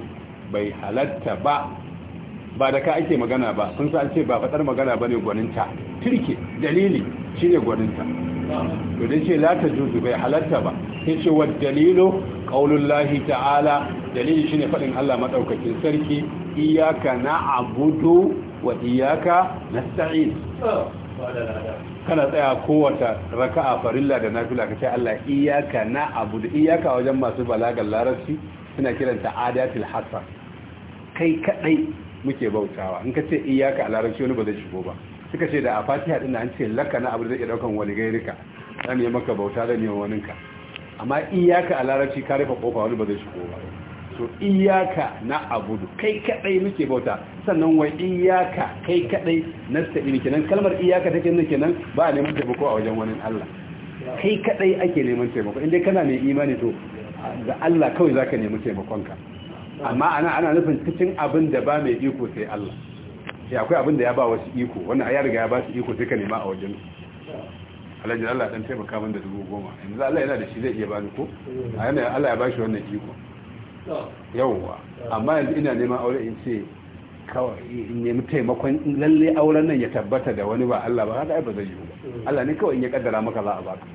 bai halatta ba ba da ka ake magana ba sun sa ce ba faɗar magana ba ne gwaninta turke dalili shi ne gwaninta yadda ce lata juju bai halatta ba sai ce wa dalilu ƙaunin lahi ta'ala dalili shi ne faɗin allah maɗaukakin sarki iyaka na abudu wa iyaka na sa'in kana tsaya kowata raka a farilla da nafila ka ce allah iyaka na abudu iyaka wajen masu balagan larabci suna kiranta adatul hasan kai kaɗai muke bautawa in ka ce iyaka a larabci wani ba zai shigo ba suka ce da a fatiha din an ce laka na abu zai iya daukan wani gairika zan yi maka bauta zan yi wani ka amma iyaka a larabci ka rufe kofa wani ba zai shigo ba so iyaka na abu kai kadai muke bauta sannan wai iyaka kai kadai na ne kenan kalmar iyaka take nan kenan ba a neman taimako a wajen wani Allah kai kadai ake neman taimako indai kana mai imani to da Allah kawai zaka nemi ka. amma ana ana nufin cikin abin da ba mai iko sai Allah ya akwai abin da ya ba wasu iko wannan ya riga ya ba su iko sai ka nema a wajen alhaji Allah dan taimaka min da dubu goma yanzu Allah yana da shi zai iya bani ko a yana Allah ya ba shi wannan iko yawwa amma yanzu ina neman aure in ce kawai in nemi taimakon lalle auren nan ya tabbata da wani ba Allah ba haka ba zai yi ba Allah ne kawai in ya kaddara maka za a baka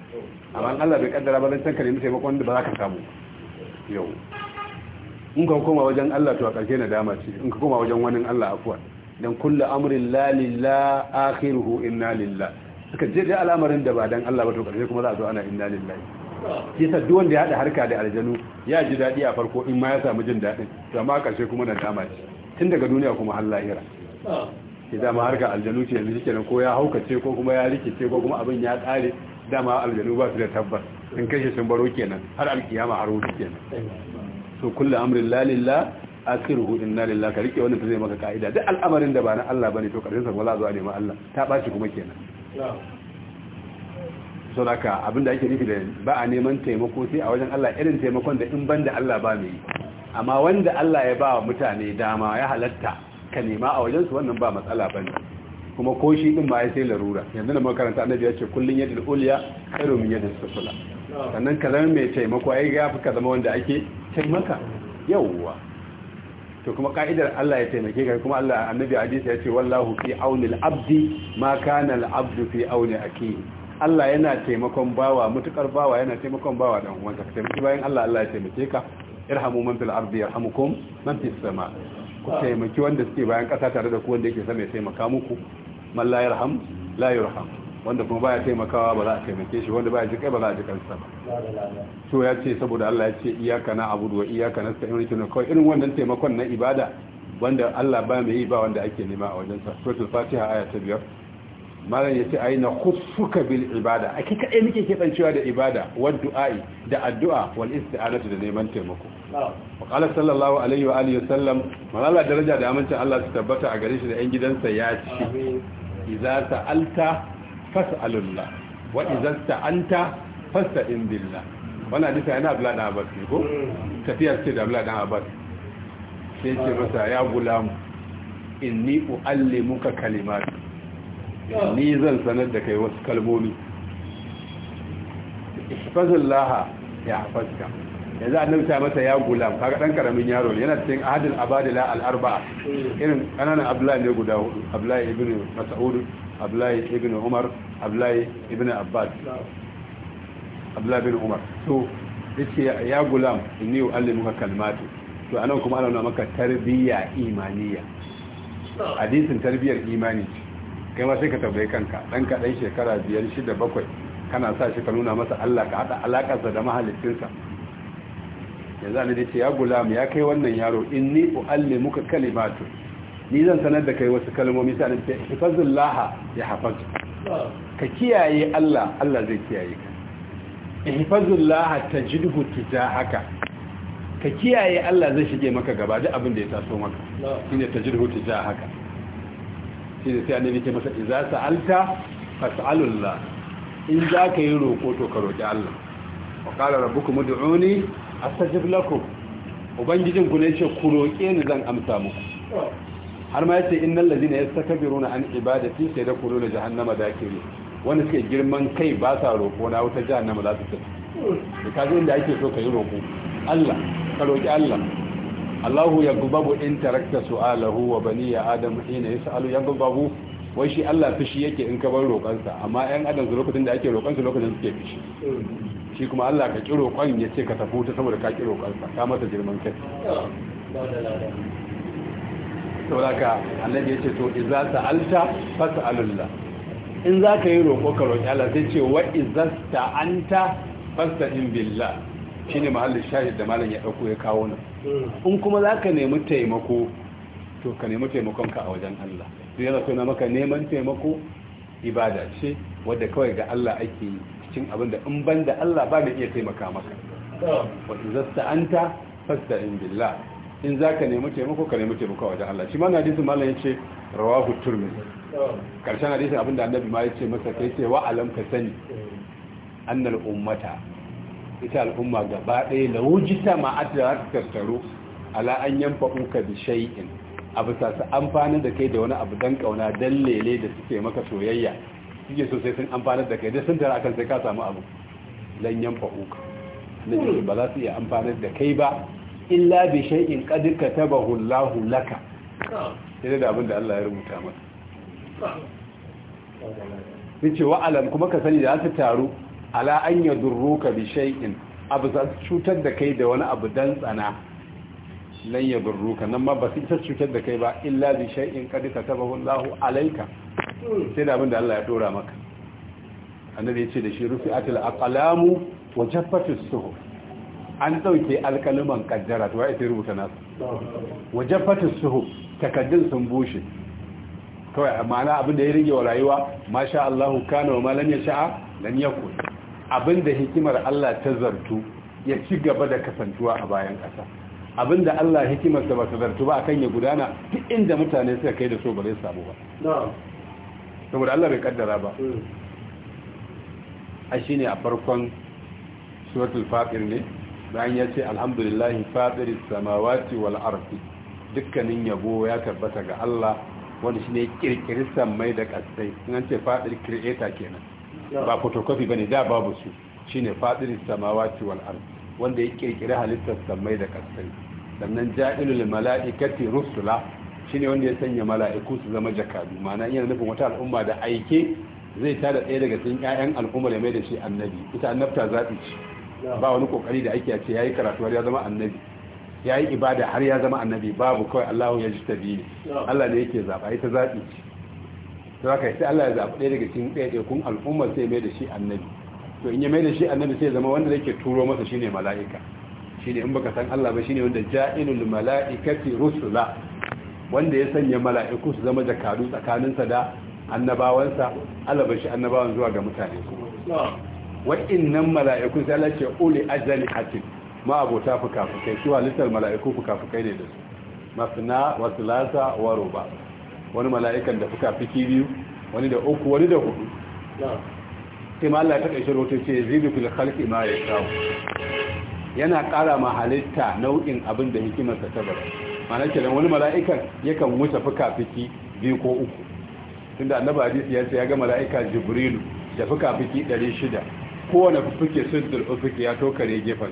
amma Allah bai kaddara ba dan san ka nemi taimakon da ba za ka samu yau in ka koma wajen Allah to a ƙarshe na dama ce in ka koma wajen wani Allah afuwa dan kullu amrin la lillah akhiruhu inna lillah suka je da al'amarin da ba dan Allah ba to ƙarshe kuma za a zo ana inna lillahi yasa duk wanda ya hada harka da aljanu ya ji daɗi a farko in ma ya samu jin dadin to amma ƙarshe kuma na dama ce tun daga duniya kuma har lahira ke dama harka aljanu ce yanzu shike ko ya haukace ko kuma ya rikice ko kuma abin ya tsare dama aljanu ba su da tabbas in kashe sun baro kenan har alkiyama har wuce kenan to kullu amrin la lillah akhiruhu inna lillahi ka rike wannan ta zai maka kaida duk al'amarin da ba na Allah bane to karshen sa ba za zuwa nemi Allah ta baci kuma kenan so abin abinda ake nufi da ba a neman taimako sai a wajen Allah irin taimakon da in banda Allah ba mai amma wanda Allah ya ba mutane dama ya halatta ka nema a wajen su wannan ba matsala bane kuma ko shi din ma ya sai larura yanzu na makaranta annabi ya ce kullun yadul ulya khairu min yadis sufla sannan ka zama mai taimako ai ga fi zama wanda ake taimaka yawwa to kuma ka'idar Allah ya taimake ka kuma Allah annabi hadisi ya ce wallahu fi auni al-abdi ma kana al-abdu fi auni akhi Allah yana taimakon bawa mutukar bawa yana taimakon bawa dan uwansa taimaki bayan Allah Allah ya taimake ka irhamu man fil ardi yarhamukum man fis sama ku taimaki wanda suke bayan kasa tare da ku wanda yake sama ya taimaka muku man la yarham la yurham wanda kuma baya taimakawa ba za a taimake shi wanda baya jikai ba za a jikan sa ba so ya ce saboda Allah ya ce iyaka na abudu wa iyaka nasta'in rikin kawai irin wannan taimakon na ibada wanda Allah ba mai yi ba wanda ake nema a wajensa suratul fatiha aya ta biyar malam yace na khussuka bil ibada ake kadai muke kebancewa da ibada wad du'ai da addu'a wal isti'anatu da neman taimako wa qala sallallahu alaihi wa alihi wasallam malala daraja da amincin Allah su tabbata a gare shi da yan gidansa ya ci idza sa'alta fas'alullah wa idza sta'anta fasta'in billah wannan hadisi yana Abdullah dan Abbas ko tafiyar ce da Abdullah dan Abbas sai ce masa ya gulamu inni uallimuka kalimat ni zan sanar da kai wasu kalmomi ihfazillah ya hafazka yanzu annabi ta masa ya gulam kaga dan karamin yaro yana cikin ahadul abadila al arba'a irin kananan abdullahi ne guda hudu abdullahi ibn mas'ud abdullahi ibn umar abdullahi ibn abbas abdullahi ibn umar to yace ya gulam inni uallimuka kalmatu to anan kuma ana nuna maka tarbiyya imaniya hadisin tarbiyyar imani kai ma sai ka tabbai kanka dan ka dan shekara biyar shida bakwai kana sa shi ka nuna masa Allah ka haɗa alakarsa da mahalicinsa yanzu annabi ce ya gulam ya kai wannan yaro in ni inni muka kalimatu ni zan sanar da kai wasu kalmomi ta annabi ce ihfazillah ya hafaz ka kiyaye Allah Allah zai kiyaye ka ta ihfazillah tuta haka. ka kiyaye Allah zai shige maka gaba duk abin da ya taso maka shine haka? tijahaka shine sai annabi ce masa idza sa'alta fas'alullah in za ka yi roƙo to ka roƙi Allah wa qala rabbukum ud'uni astajib lakum ubangijin ku ne yace ku roke ni zan amsa muku har ma yace innal ladina yastakbiruna an ibadati sayadkhuluna jahannama dakiri wanda suke girman kai ba sa roƙo na wuta jahannama za su tafi da kaje inda ake so ka yi Allah ka roƙi Allah Allahu yaghbabu in tarakta su'alahu wa bani ya adam hina yas'alu yaghbabu wai shi Allah fushi yake in ka bar roƙansa, amma ɗan adam su lokacin da ake roƙansa lokacin suke fushi shi kuma Allah ka kiro kwan ya ce ka tafi wuta saboda ka kiro kwan ka masa girman kai saboda ka annabi ya ce to iza fasa fas'alullah in za ka yi roƙo ka roƙi Allah sai ce wa iza in in billah shine mahallin shahid da malam ya dauko ya kawo nan in kuma za ka nemi taimako to ka nemi taimakon ka a wajen Allah to yana so na maka neman taimako ibada ce wadda kawai ga Allah ake yi cikin abin da in ban da Allah ba da iya taimaka maka wa in zasta anta fasta'in billah in zaka nemi taimako ka nemi taimako wajen Allah shi ma na hadisin mallan yace rawahu turmizi karshen hadisin abin da annabi ma yace masa kai ce wa alam ka sani annal ummata ita al'umma gaba ɗaya laujita ma'at da ta tattaro ala an yanfa uka bi shay'in abu sa su amfani da kai da wani abu dan kauna dan lele da suke maka soyayya suke so sai sun amfanar da kai dai sun tara akan sai ka samu abu lan na nabi ba za su iya amfanar da kai ba illa bi shay'in qad katabahu Allahu laka sai da abin da Allah ya rubuta maka ce wa alam kuma ka sani da za ta taru ala an yadurruka bi shay'in abu za su cutar da kai da wani abu dan tsana lan burruka nan ma ba su ta cutar da kai ba illa bi shay'in qad katabahu Allahu alayka sai da abinda Allah ya dora maka annabi ya ce da shi rufi'atil aqlamu wa jaffatis suhuf an dauke alkaliman qaddara to ai sai rubuta nasu wa jaffatis suhuf takaddun sun bushe kawai ma'ana abin da ya rige wa rayuwa masha Allah kana wa ma lam yasha lam yakun abin da hikimar Allah ta zartu ya ci gaba da kasantuwa a bayan kasa. abinda Allah hikimarsa ba su zartu ba akan ya gudana duk inda mutane suka kai da so bare samu ba saboda Allah bai kaddara ba hmm. a shine a farkon suratul fatir ne bayan ya ce alhamdulillahi fatiris samawati wal ardi dukkanin yabo ya tabbata ga Allah wanda shine kirkirin samai da kasai in an ce fatir creator kenan ba photocopy bane da babu su shine fatiris samawati wal ardi wanda ya kirkiri halittar samai da kasai sannan ja'ilul mala'ikati rusula shine wanda ya sanya mala'iku su zama jakadu mana yana nufin wata al'umma da aike zai tada ɗaya daga cikin ƴaƴan al'umma da mai da shi annabi ita annabta zaɓi ce ba wani kokari da ake ce yayi karatu har ya zama annabi yayi ibada har ya zama annabi babu kawai Allahu ya ji ne Allah ne yake zaba ita zaɓi ce to haka sai Allah ya zaɓi ɗaya daga cikin ɗaya kun al'umma sai mai da shi annabi to in ya mai da shi annabi sai zama wanda yake turo masa shine mala'ika shine in baka san Allah ba shine wanda ja'ilul mala'ikati rusula wanda ya sanya mala'iku su zama jakadu tsakaninsa da annabawansa Allah ba shi annabawan zuwa ga mutane kuma wa'innan mala'iku sai Allah ce uli ajali hatim ma abota fukafukai su halittar mala'iku fukafukai ne da su masna wa thalatha wa ruba wani mala'ikan da fukafuki biyu wani da uku wani da hudu sai ma Allah ta ƙarshe rotar ce zidu fil khalqi ma yashau yana ƙara ma halitta nau'in abin da hikimarsa ta bar ma'ana kenan wani mala'ikan yakan wuce fuka-fiki biyu ko uku tunda annabi hadisi ya ce ya ga mala'ika jibrilu da fuka-fiki 600 kowane fuke sirdul ufuki ya tokare sa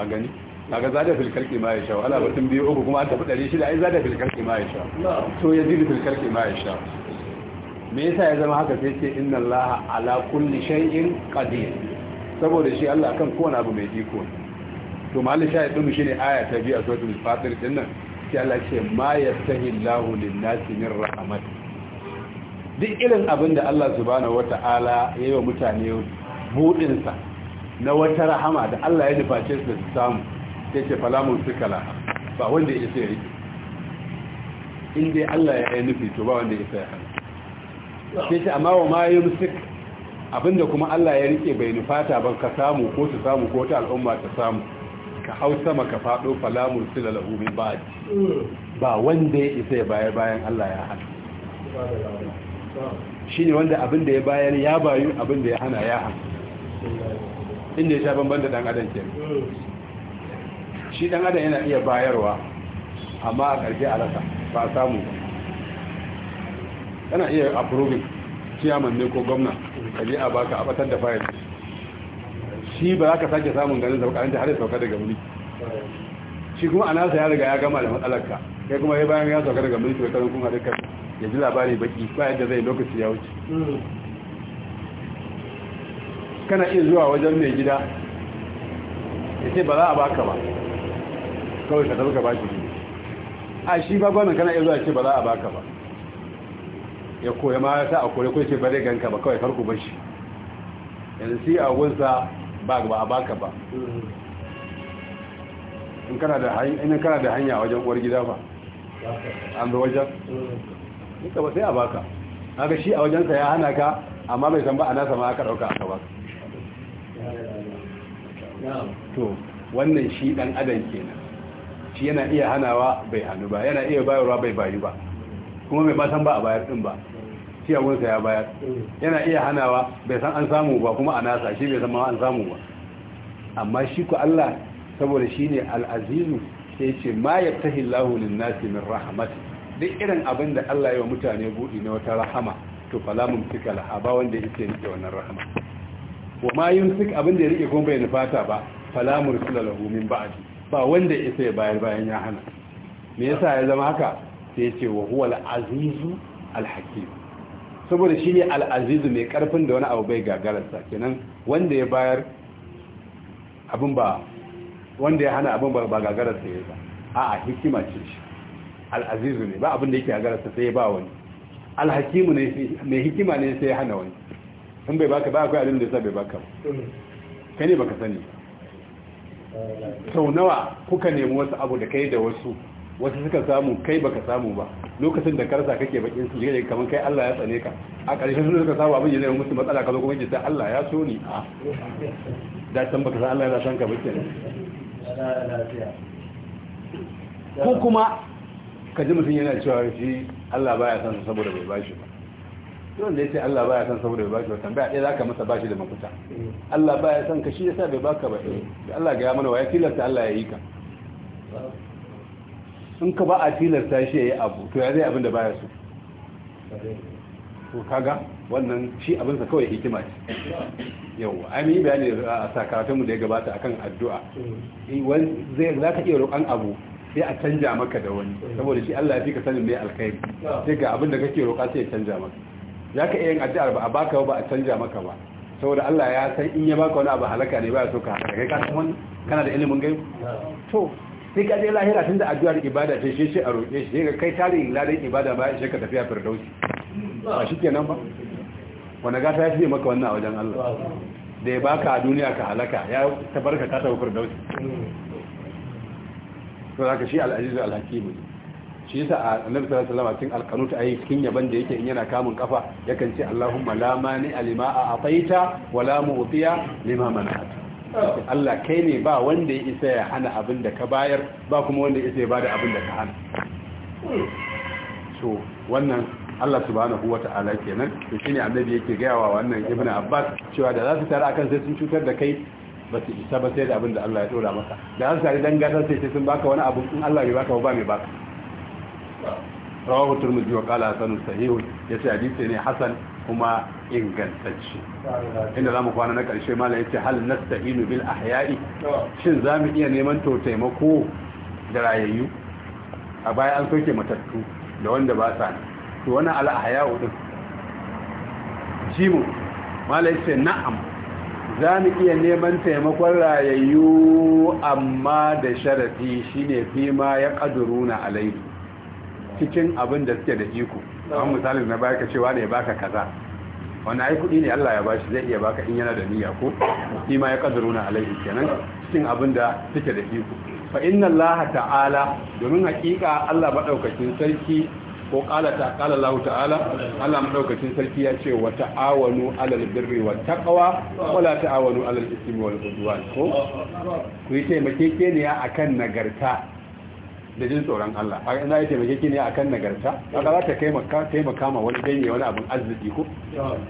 ka gani kaga zada fil kalki ma yashau ala batun biyu uku kuma an tafi 600 ai zada fil kalki ma yashau to yazidu fil kalki ma yashau me yasa ya zama haka sai ce inna allaha ala kulli shay'in qadir saboda shi Allah kan kowane abu mai iko to malin shayi din shi ne aya ta biya a suratul fatir din nan sai Allah ce ma yastahi Allahu lin-nasi min rahmat duk irin abin da Allah subhanahu wata'ala ya yi wa mutane budin sa na wata rahama da Allah ya dace su samu sai ce falamu musikala ba wanda ya sai in dai Allah ya yi nufi to ba wanda ya sai sai ce amma wa ma sik abinda kuma Allah ya rike bai nufata ba ka samu ko su samu ko ta al'umma ta samu ka hau sama ka fado fala mursila lahu min ba'd ba wanda ya isa ya bayar bayan Allah ya hana ne wanda abinda ya bayar ya bayu abinda ya hana ya hana inda ya sha ban da dan adam ke shi dan adam yana iya bayarwa amma a ƙarshe a rasa ba samu ba kana iya approving chairman ne ko gwamna ka je a baka a batar da fayil shi ba za ka sake samun ganin sauka an har ya sauka daga mulki shi kuma a nasa ya riga ya gama da matsalarka kai kuma ya bayan ya sauka daga mulki da karin kuma duka ya ji labari baki ba yadda zai lokaci ya wuce kana iya zuwa wajen mai gida ya ce ba za a baka ba kawai ka tabbata ba shi a shi ba gwanan kana iya zuwa ce ba za a baka ba ya koya ma ya sa a kore kwaice bare ganka ba kawai farko ba shi yanzu si a gunsa ba ba a baka ba in kana da hanya da hanya wajen uwar gida ba an zo wajen ita ba sai a baka haka shi a wajensa ya hana ka amma bai san ba a nasa ma aka dauka aka ba to wannan shi dan adam kenan shi yana iya hanawa bai hannu ba yana iya bayarwa bai bayu ba kuma bai matan san ba a bayar din ba sa ya bayar yana iya hanawa bai san an samu ba kuma a nasa shi bai zama an samu ba amma shi ku Allah saboda shi ne al'azizu sai ce ma ya tahi lahunin nasi min rahamati duk irin abin da Allah yi wa mutane buɗi na wata rahama to falamun fika ba wanda ya ce nike wannan rahama wa ma yin sik abin da ya rike kuma bai nufata ba falamun sula lahu min ba'adi ba wanda ya sai bayar bayan ya hana me yasa ya zama haka sai ce wa huwa azizu al saboda shi ne al'azizu mai karfin da wani abu bai gagararsa kenan wanda ya bayar abin ba wanda ya hana abin ba gagararsa ya ba a a hikima ce shi al'azizu ne ba abin da yake gagararsa sai ya ba wani alhakimu ne mai hikima ne sai ya hana wani in bai baka ba akwai abin da ya sa bai baka kai ne baka sani sau nawa kuka nemi wasu abu da kai da wasu wasu suka samu kai baka samu ba lokacin da karsa kake bakin su jiga kamar kai Allah ya tsane ka a ƙarshen sun suka samu abin ya zai musu matsala ka zo kuma sai Allah ya so ni a ah. da baka san Allah ya san ka ba ne ko kuma ka ji mutum yana cewa shi Allah baya san sa saboda bai bashi ba don da yace Allah baya san saboda bai bashi ba tambaya ɗaya zaka masa bashi da mafuta Allah baya san ka shi yasa bai baka ba Allah ga ya mana wa ya tilasta Allah ya yi ka in ka ba a tilasta shi ya yi abu to ya zai abin da baya su to kaga wannan shi abinsa kawai hikima ce yau an yi bayani a sakaratunmu da ya gabata akan addu'a eh, za ka iya roƙon abu sai a canja maka da wani saboda shi Allah ya fi ka sanin mai alkhairi sai ga abin da kake roƙa sai ya canja maka za ka iya yin addu'ar ba a baka ba a canja maka ba saboda Allah ya san in ya baka wani abu halaka ne ba ya so ka haka kai ka san wani kana da ilimin gai to sai ka je lahira tun da addu'ar ibada ce shi shi a roƙe shi ga kai tarihin ladan ibada ba shi ka tafi a firdausi ba shi kenan ba wanda ga ya fiye maka wannan a wajen Allah da ya baka a duniya ka halaka ya tabarka ka tafi firdausi to zaka shi al-aziz al-hakim shi yasa annabi sallallahu alaihi wasallam al alqanut ayi cikin yaban da yake in yana kamun kafa yakan ce Allahumma la mani alima a ataita wala mu'tiya lima mana'ata Allah kai ne ba wanda ya isa ya hana abin da ka bayar ba kuma wanda ya isa ya bada abin da ka hana so wannan Allah subhanahu wata'ala kenan to shine annabi yake gaya wa wannan Ibn Abbas cewa da za su tare akan sai sun cutar da kai ba su isa ba sai da abin da Allah ya dora maka da za su tare dan gasar sai sun baka wani abu in Allah bai baka ba mai baka rawahu turmudi wa qala hasanun sahih yace hadisi ne hasan kuma ingantacce inda za mu kwana na ƙarshe mala ya ce hal inu bil hayaɗi shin za mu iya neman to taimako da rayayyu a baya an soke matattu da wanda ba sa to wani ala a ahya'u din jimu mala ya ce na'am za mu iya neman taimakon rayayyu amma da sharafi shine fi ma ya na alaihi cikin abin da suke da iko kamar misalin na baka cewa ne baka kaza wannan ai kudi ne Allah ya bashi zai iya baka in yana da niyya ko shi ma ya kadaruna alaihi kenan cikin abin da suke da iko fa inna Allah ta'ala domin hakika Allah madaukakin sarki ko qala ta qala Allah ta'ala Allah madaukakin sarki ya ce wa ta'awanu alal birri wat taqwa wa la ta'awanu alal ismi wal udwan ko ku yi taimakekeniya akan nagarta da jin tsoron Allah a ina ya taimake ki ne akan nagarta ga za ta taimaka taimaka ma wani dai wani abin arziki ko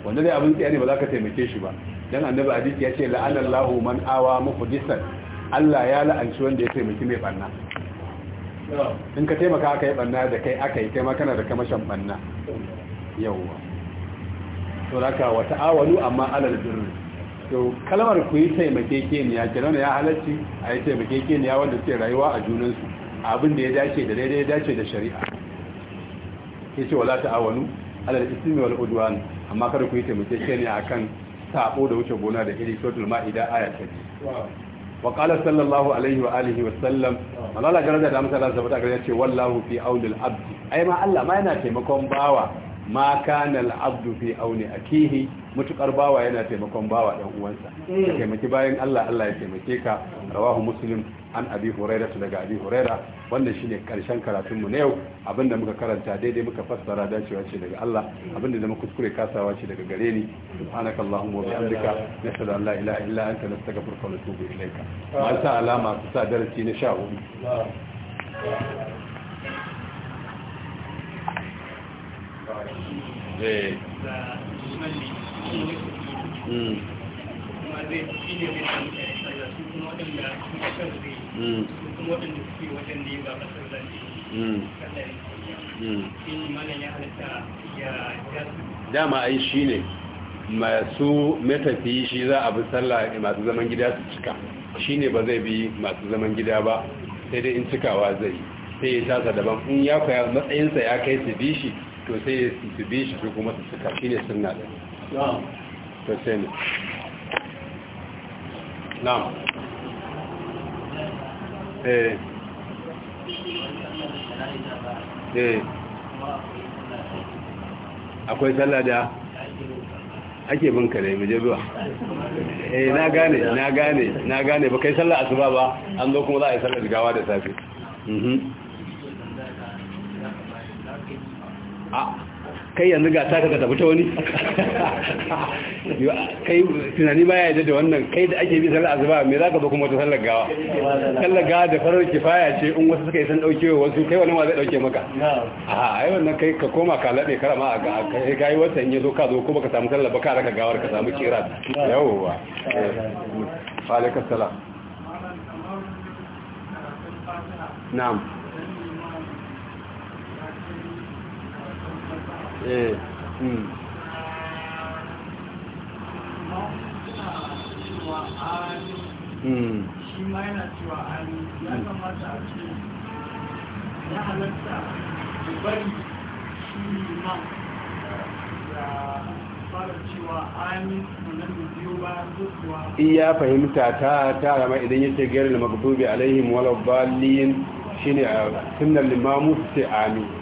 wanda dai abin tsaye ne ba za ka taimake shi ba dan annabi hadisi ya ce la'anallahu man awa muhdisan Allah ya la'anci wanda ya taimaki mai banna in ka taimaka aka yi banna da kai aka yi kai ma kana da kamashin banna yawa to haka wa ta'awalu amma alal birr to kalmar ku yi taimakekeniya ne ya halarci a yi ya wanda suke rayuwa a junansu abin da ya dace da daidai ya dace da shari'a ya ce wala ta'awanu alal ismi wal udwan amma kada ku yi taimakekeniya akan sabo da wuce gona da iri suratul ma'ida aya ta wa qala sallallahu alaihi wa alihi wa sallam malala garada da amsa da sabata gare ce wallahu fi aunil abdi ai ma Allah ma yana taimakon bawa ma kana al'abdu fi auni akihi mutukar bawa yana taimakon bawa dan uwansa eh. ka taimaki bayan Allah Allah ya taimake ka rawahu muslim an abi huraira daga abi huraira wannan shine karshen karatun mu na yau abinda muka karanta daidai muka fassara dacewa ce daga Allah abinda da muka kuskure kasawa ce daga gare ni subhanakallahumma wa bihamdika nashhadu an la ilaha illa anta nastaghfiruka wa natubu ilayka ma sa alama sa darasi na 14 Eh. Hmm. Hmm. Hmm. dama ai shi ne masu metafi shi za a bi sallah masu zaman gida su cika shi ne ba zai bi masu zaman gida ba sai dai in cikawa zai sai ya tasa daban in ya kwaya matsayinsa ya kai su bi shi to sai su bi shi kuma su suka shi ne suna da to sai ne na'am eh eh akwai sallah da ake bin kare mu je zuwa. eh na gane na gane na gane ba kai sallah asuba ba an zo kuma za a yi sallah gawa da safe mhm kai yanzu ga ta ka tafi ta wani kai tunani ba ya yi da wannan kai da ake bi sallar azuba mai za ka zo kuma wata sallar gawa sallar gawa da farar kifaya ce in wasu suka yi san dauke wa wasu kai wani ma zai dauke maka a ai wannan kai ka koma ka laɗe karama a kai ka wata in yazo ka zo kuma ka samu sallar baka raka gawar ka samu kira yawwa wa alaikassalam na'am Eh, iya fahimta ta tara ma idan yake gairar magdubi alaihim wal shine ah, limamu sai amin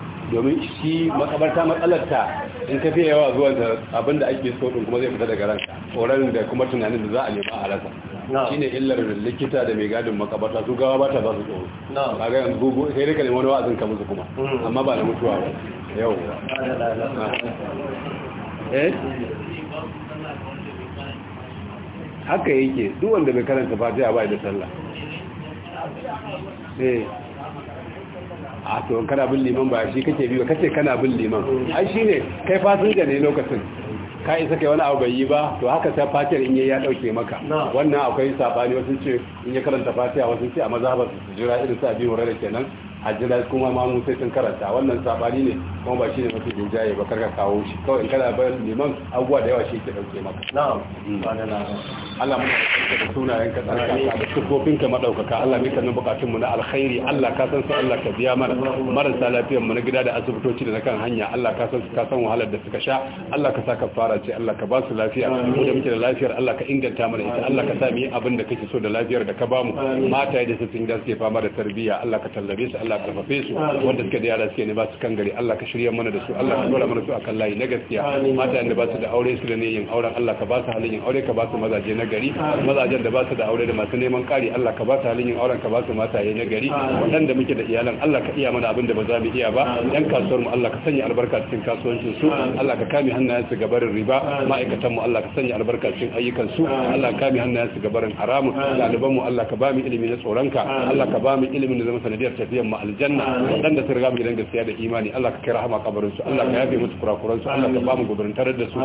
domin shi makabarta matsalarta in ka fiye yawa zuwa da abin da ake so din kuma zai fita daga ranka tsoron da kuma tunanin da za a nema a rasa shi ne illar likita da mai gadin makabarta su gawa ba ta ba su tsoro a ga yanzu gugu sai rika neman wa'azin ka musu kuma mm. amma ba na mutuwa ba yau eh? haka yake duk wanda bai karanta fatiha ba da sallah eh. a to kana bin liman ba shi kake bi ba kace kana bin liman ai shine kai fasinja ne lokacin ka isa kai wani abu bai yi ba to haka sai fatiyar in yayi ya dauke maka wannan akwai sabani wasu ce in ya karanta fatiya wasu ce a mazhabar su jira irin sa biyu rare kenan a jira kuma ma mu sai sun karanta wannan sabani ne kuma ba shi ne mafi rinjaye ba karka kawo shi kawai in kana bayar liman abubuwa da yawa shi ke dauke maka na'am mm. Allah mu da sunayen ka tsarkaka da sufofin ka madaukaka Allah mai kanin bukatun mu na alkhairi Allah ka san su Allah ka biya mana marasa lafiyar mu na gida da asibitoci da na kan hanya Allah ka san su ka san wahalar da suka sha Allah ka saka fara ce Allah ka ba su lafiya mu da muke da lafiyar Allah ka inganta mana ita Allah ka sa mu yi abin da kake so da lafiyar da ka bamu mata da su sun da suke fama da tarbiyya Allah ka tallabe su Allah ka fafe su wanda suka da yara suke ne ba su kan gari Allah ka shirya mana da su Allah ka dora mana su akan layi na gaskiya mata da ba su da aure su da ne yin auren Allah ka ba su halin yin aure ka ba su mazaje na gari mazajen da ba su da aure da masu neman kari Allah ka ba su halin yin auren ka ba su mataye na gari waɗanda muke da iyalan Allah ka iya mana abin da ba za mu iya ba yan kasuwar mu Allah ka sanya albarka cikin kasuwancin su Allah ka kame hannayen su gabarin riba ma'aikatan mu Allah ka sanya albarka cikin ayyukan su Allah ka kame hannayen su gabarin haramun ɗaliban mu Allah ka ba mu ilimi na tsoronka Allah ka ba mu ilimin da zama sanadiyar tafiyar mu aljanna da sun riga mu gidan gaskiya da imani Allah ka kai rahama kabarin su Allah ka yafe musu kurakuran su Allah ka ba mu gudurintar da su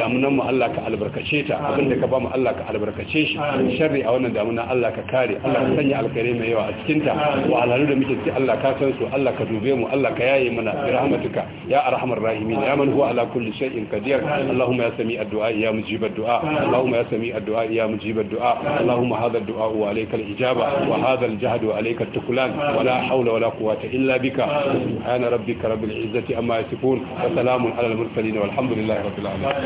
damunan mu Allah ka albarkace ta abin da ka ba mu Allah ka albarkace shi sharri a wannan damuna Allah ka kare Allah ka sanya alkhairi mai yawa a cikin ta wa alhalu da muke ci Allah ka san su Allah ka dube mu Allah ka yaye mana bi rahmatuka ya arhamar rahimin ya man huwa ala kulli shay'in qadir Allahumma ya sami addu'a ya mujib addu'a Allahumma ya sami addu'a ya mujib addu'a Allahumma hadha addu'a wa alayka al-ijaba wa hadha al-jahd wa alayka at-tuklan wa la hawla wa قوة إلا بك سبحان ربك رب العزة أما يسفون وسلام على المرسلين والحمد لله رب العالمين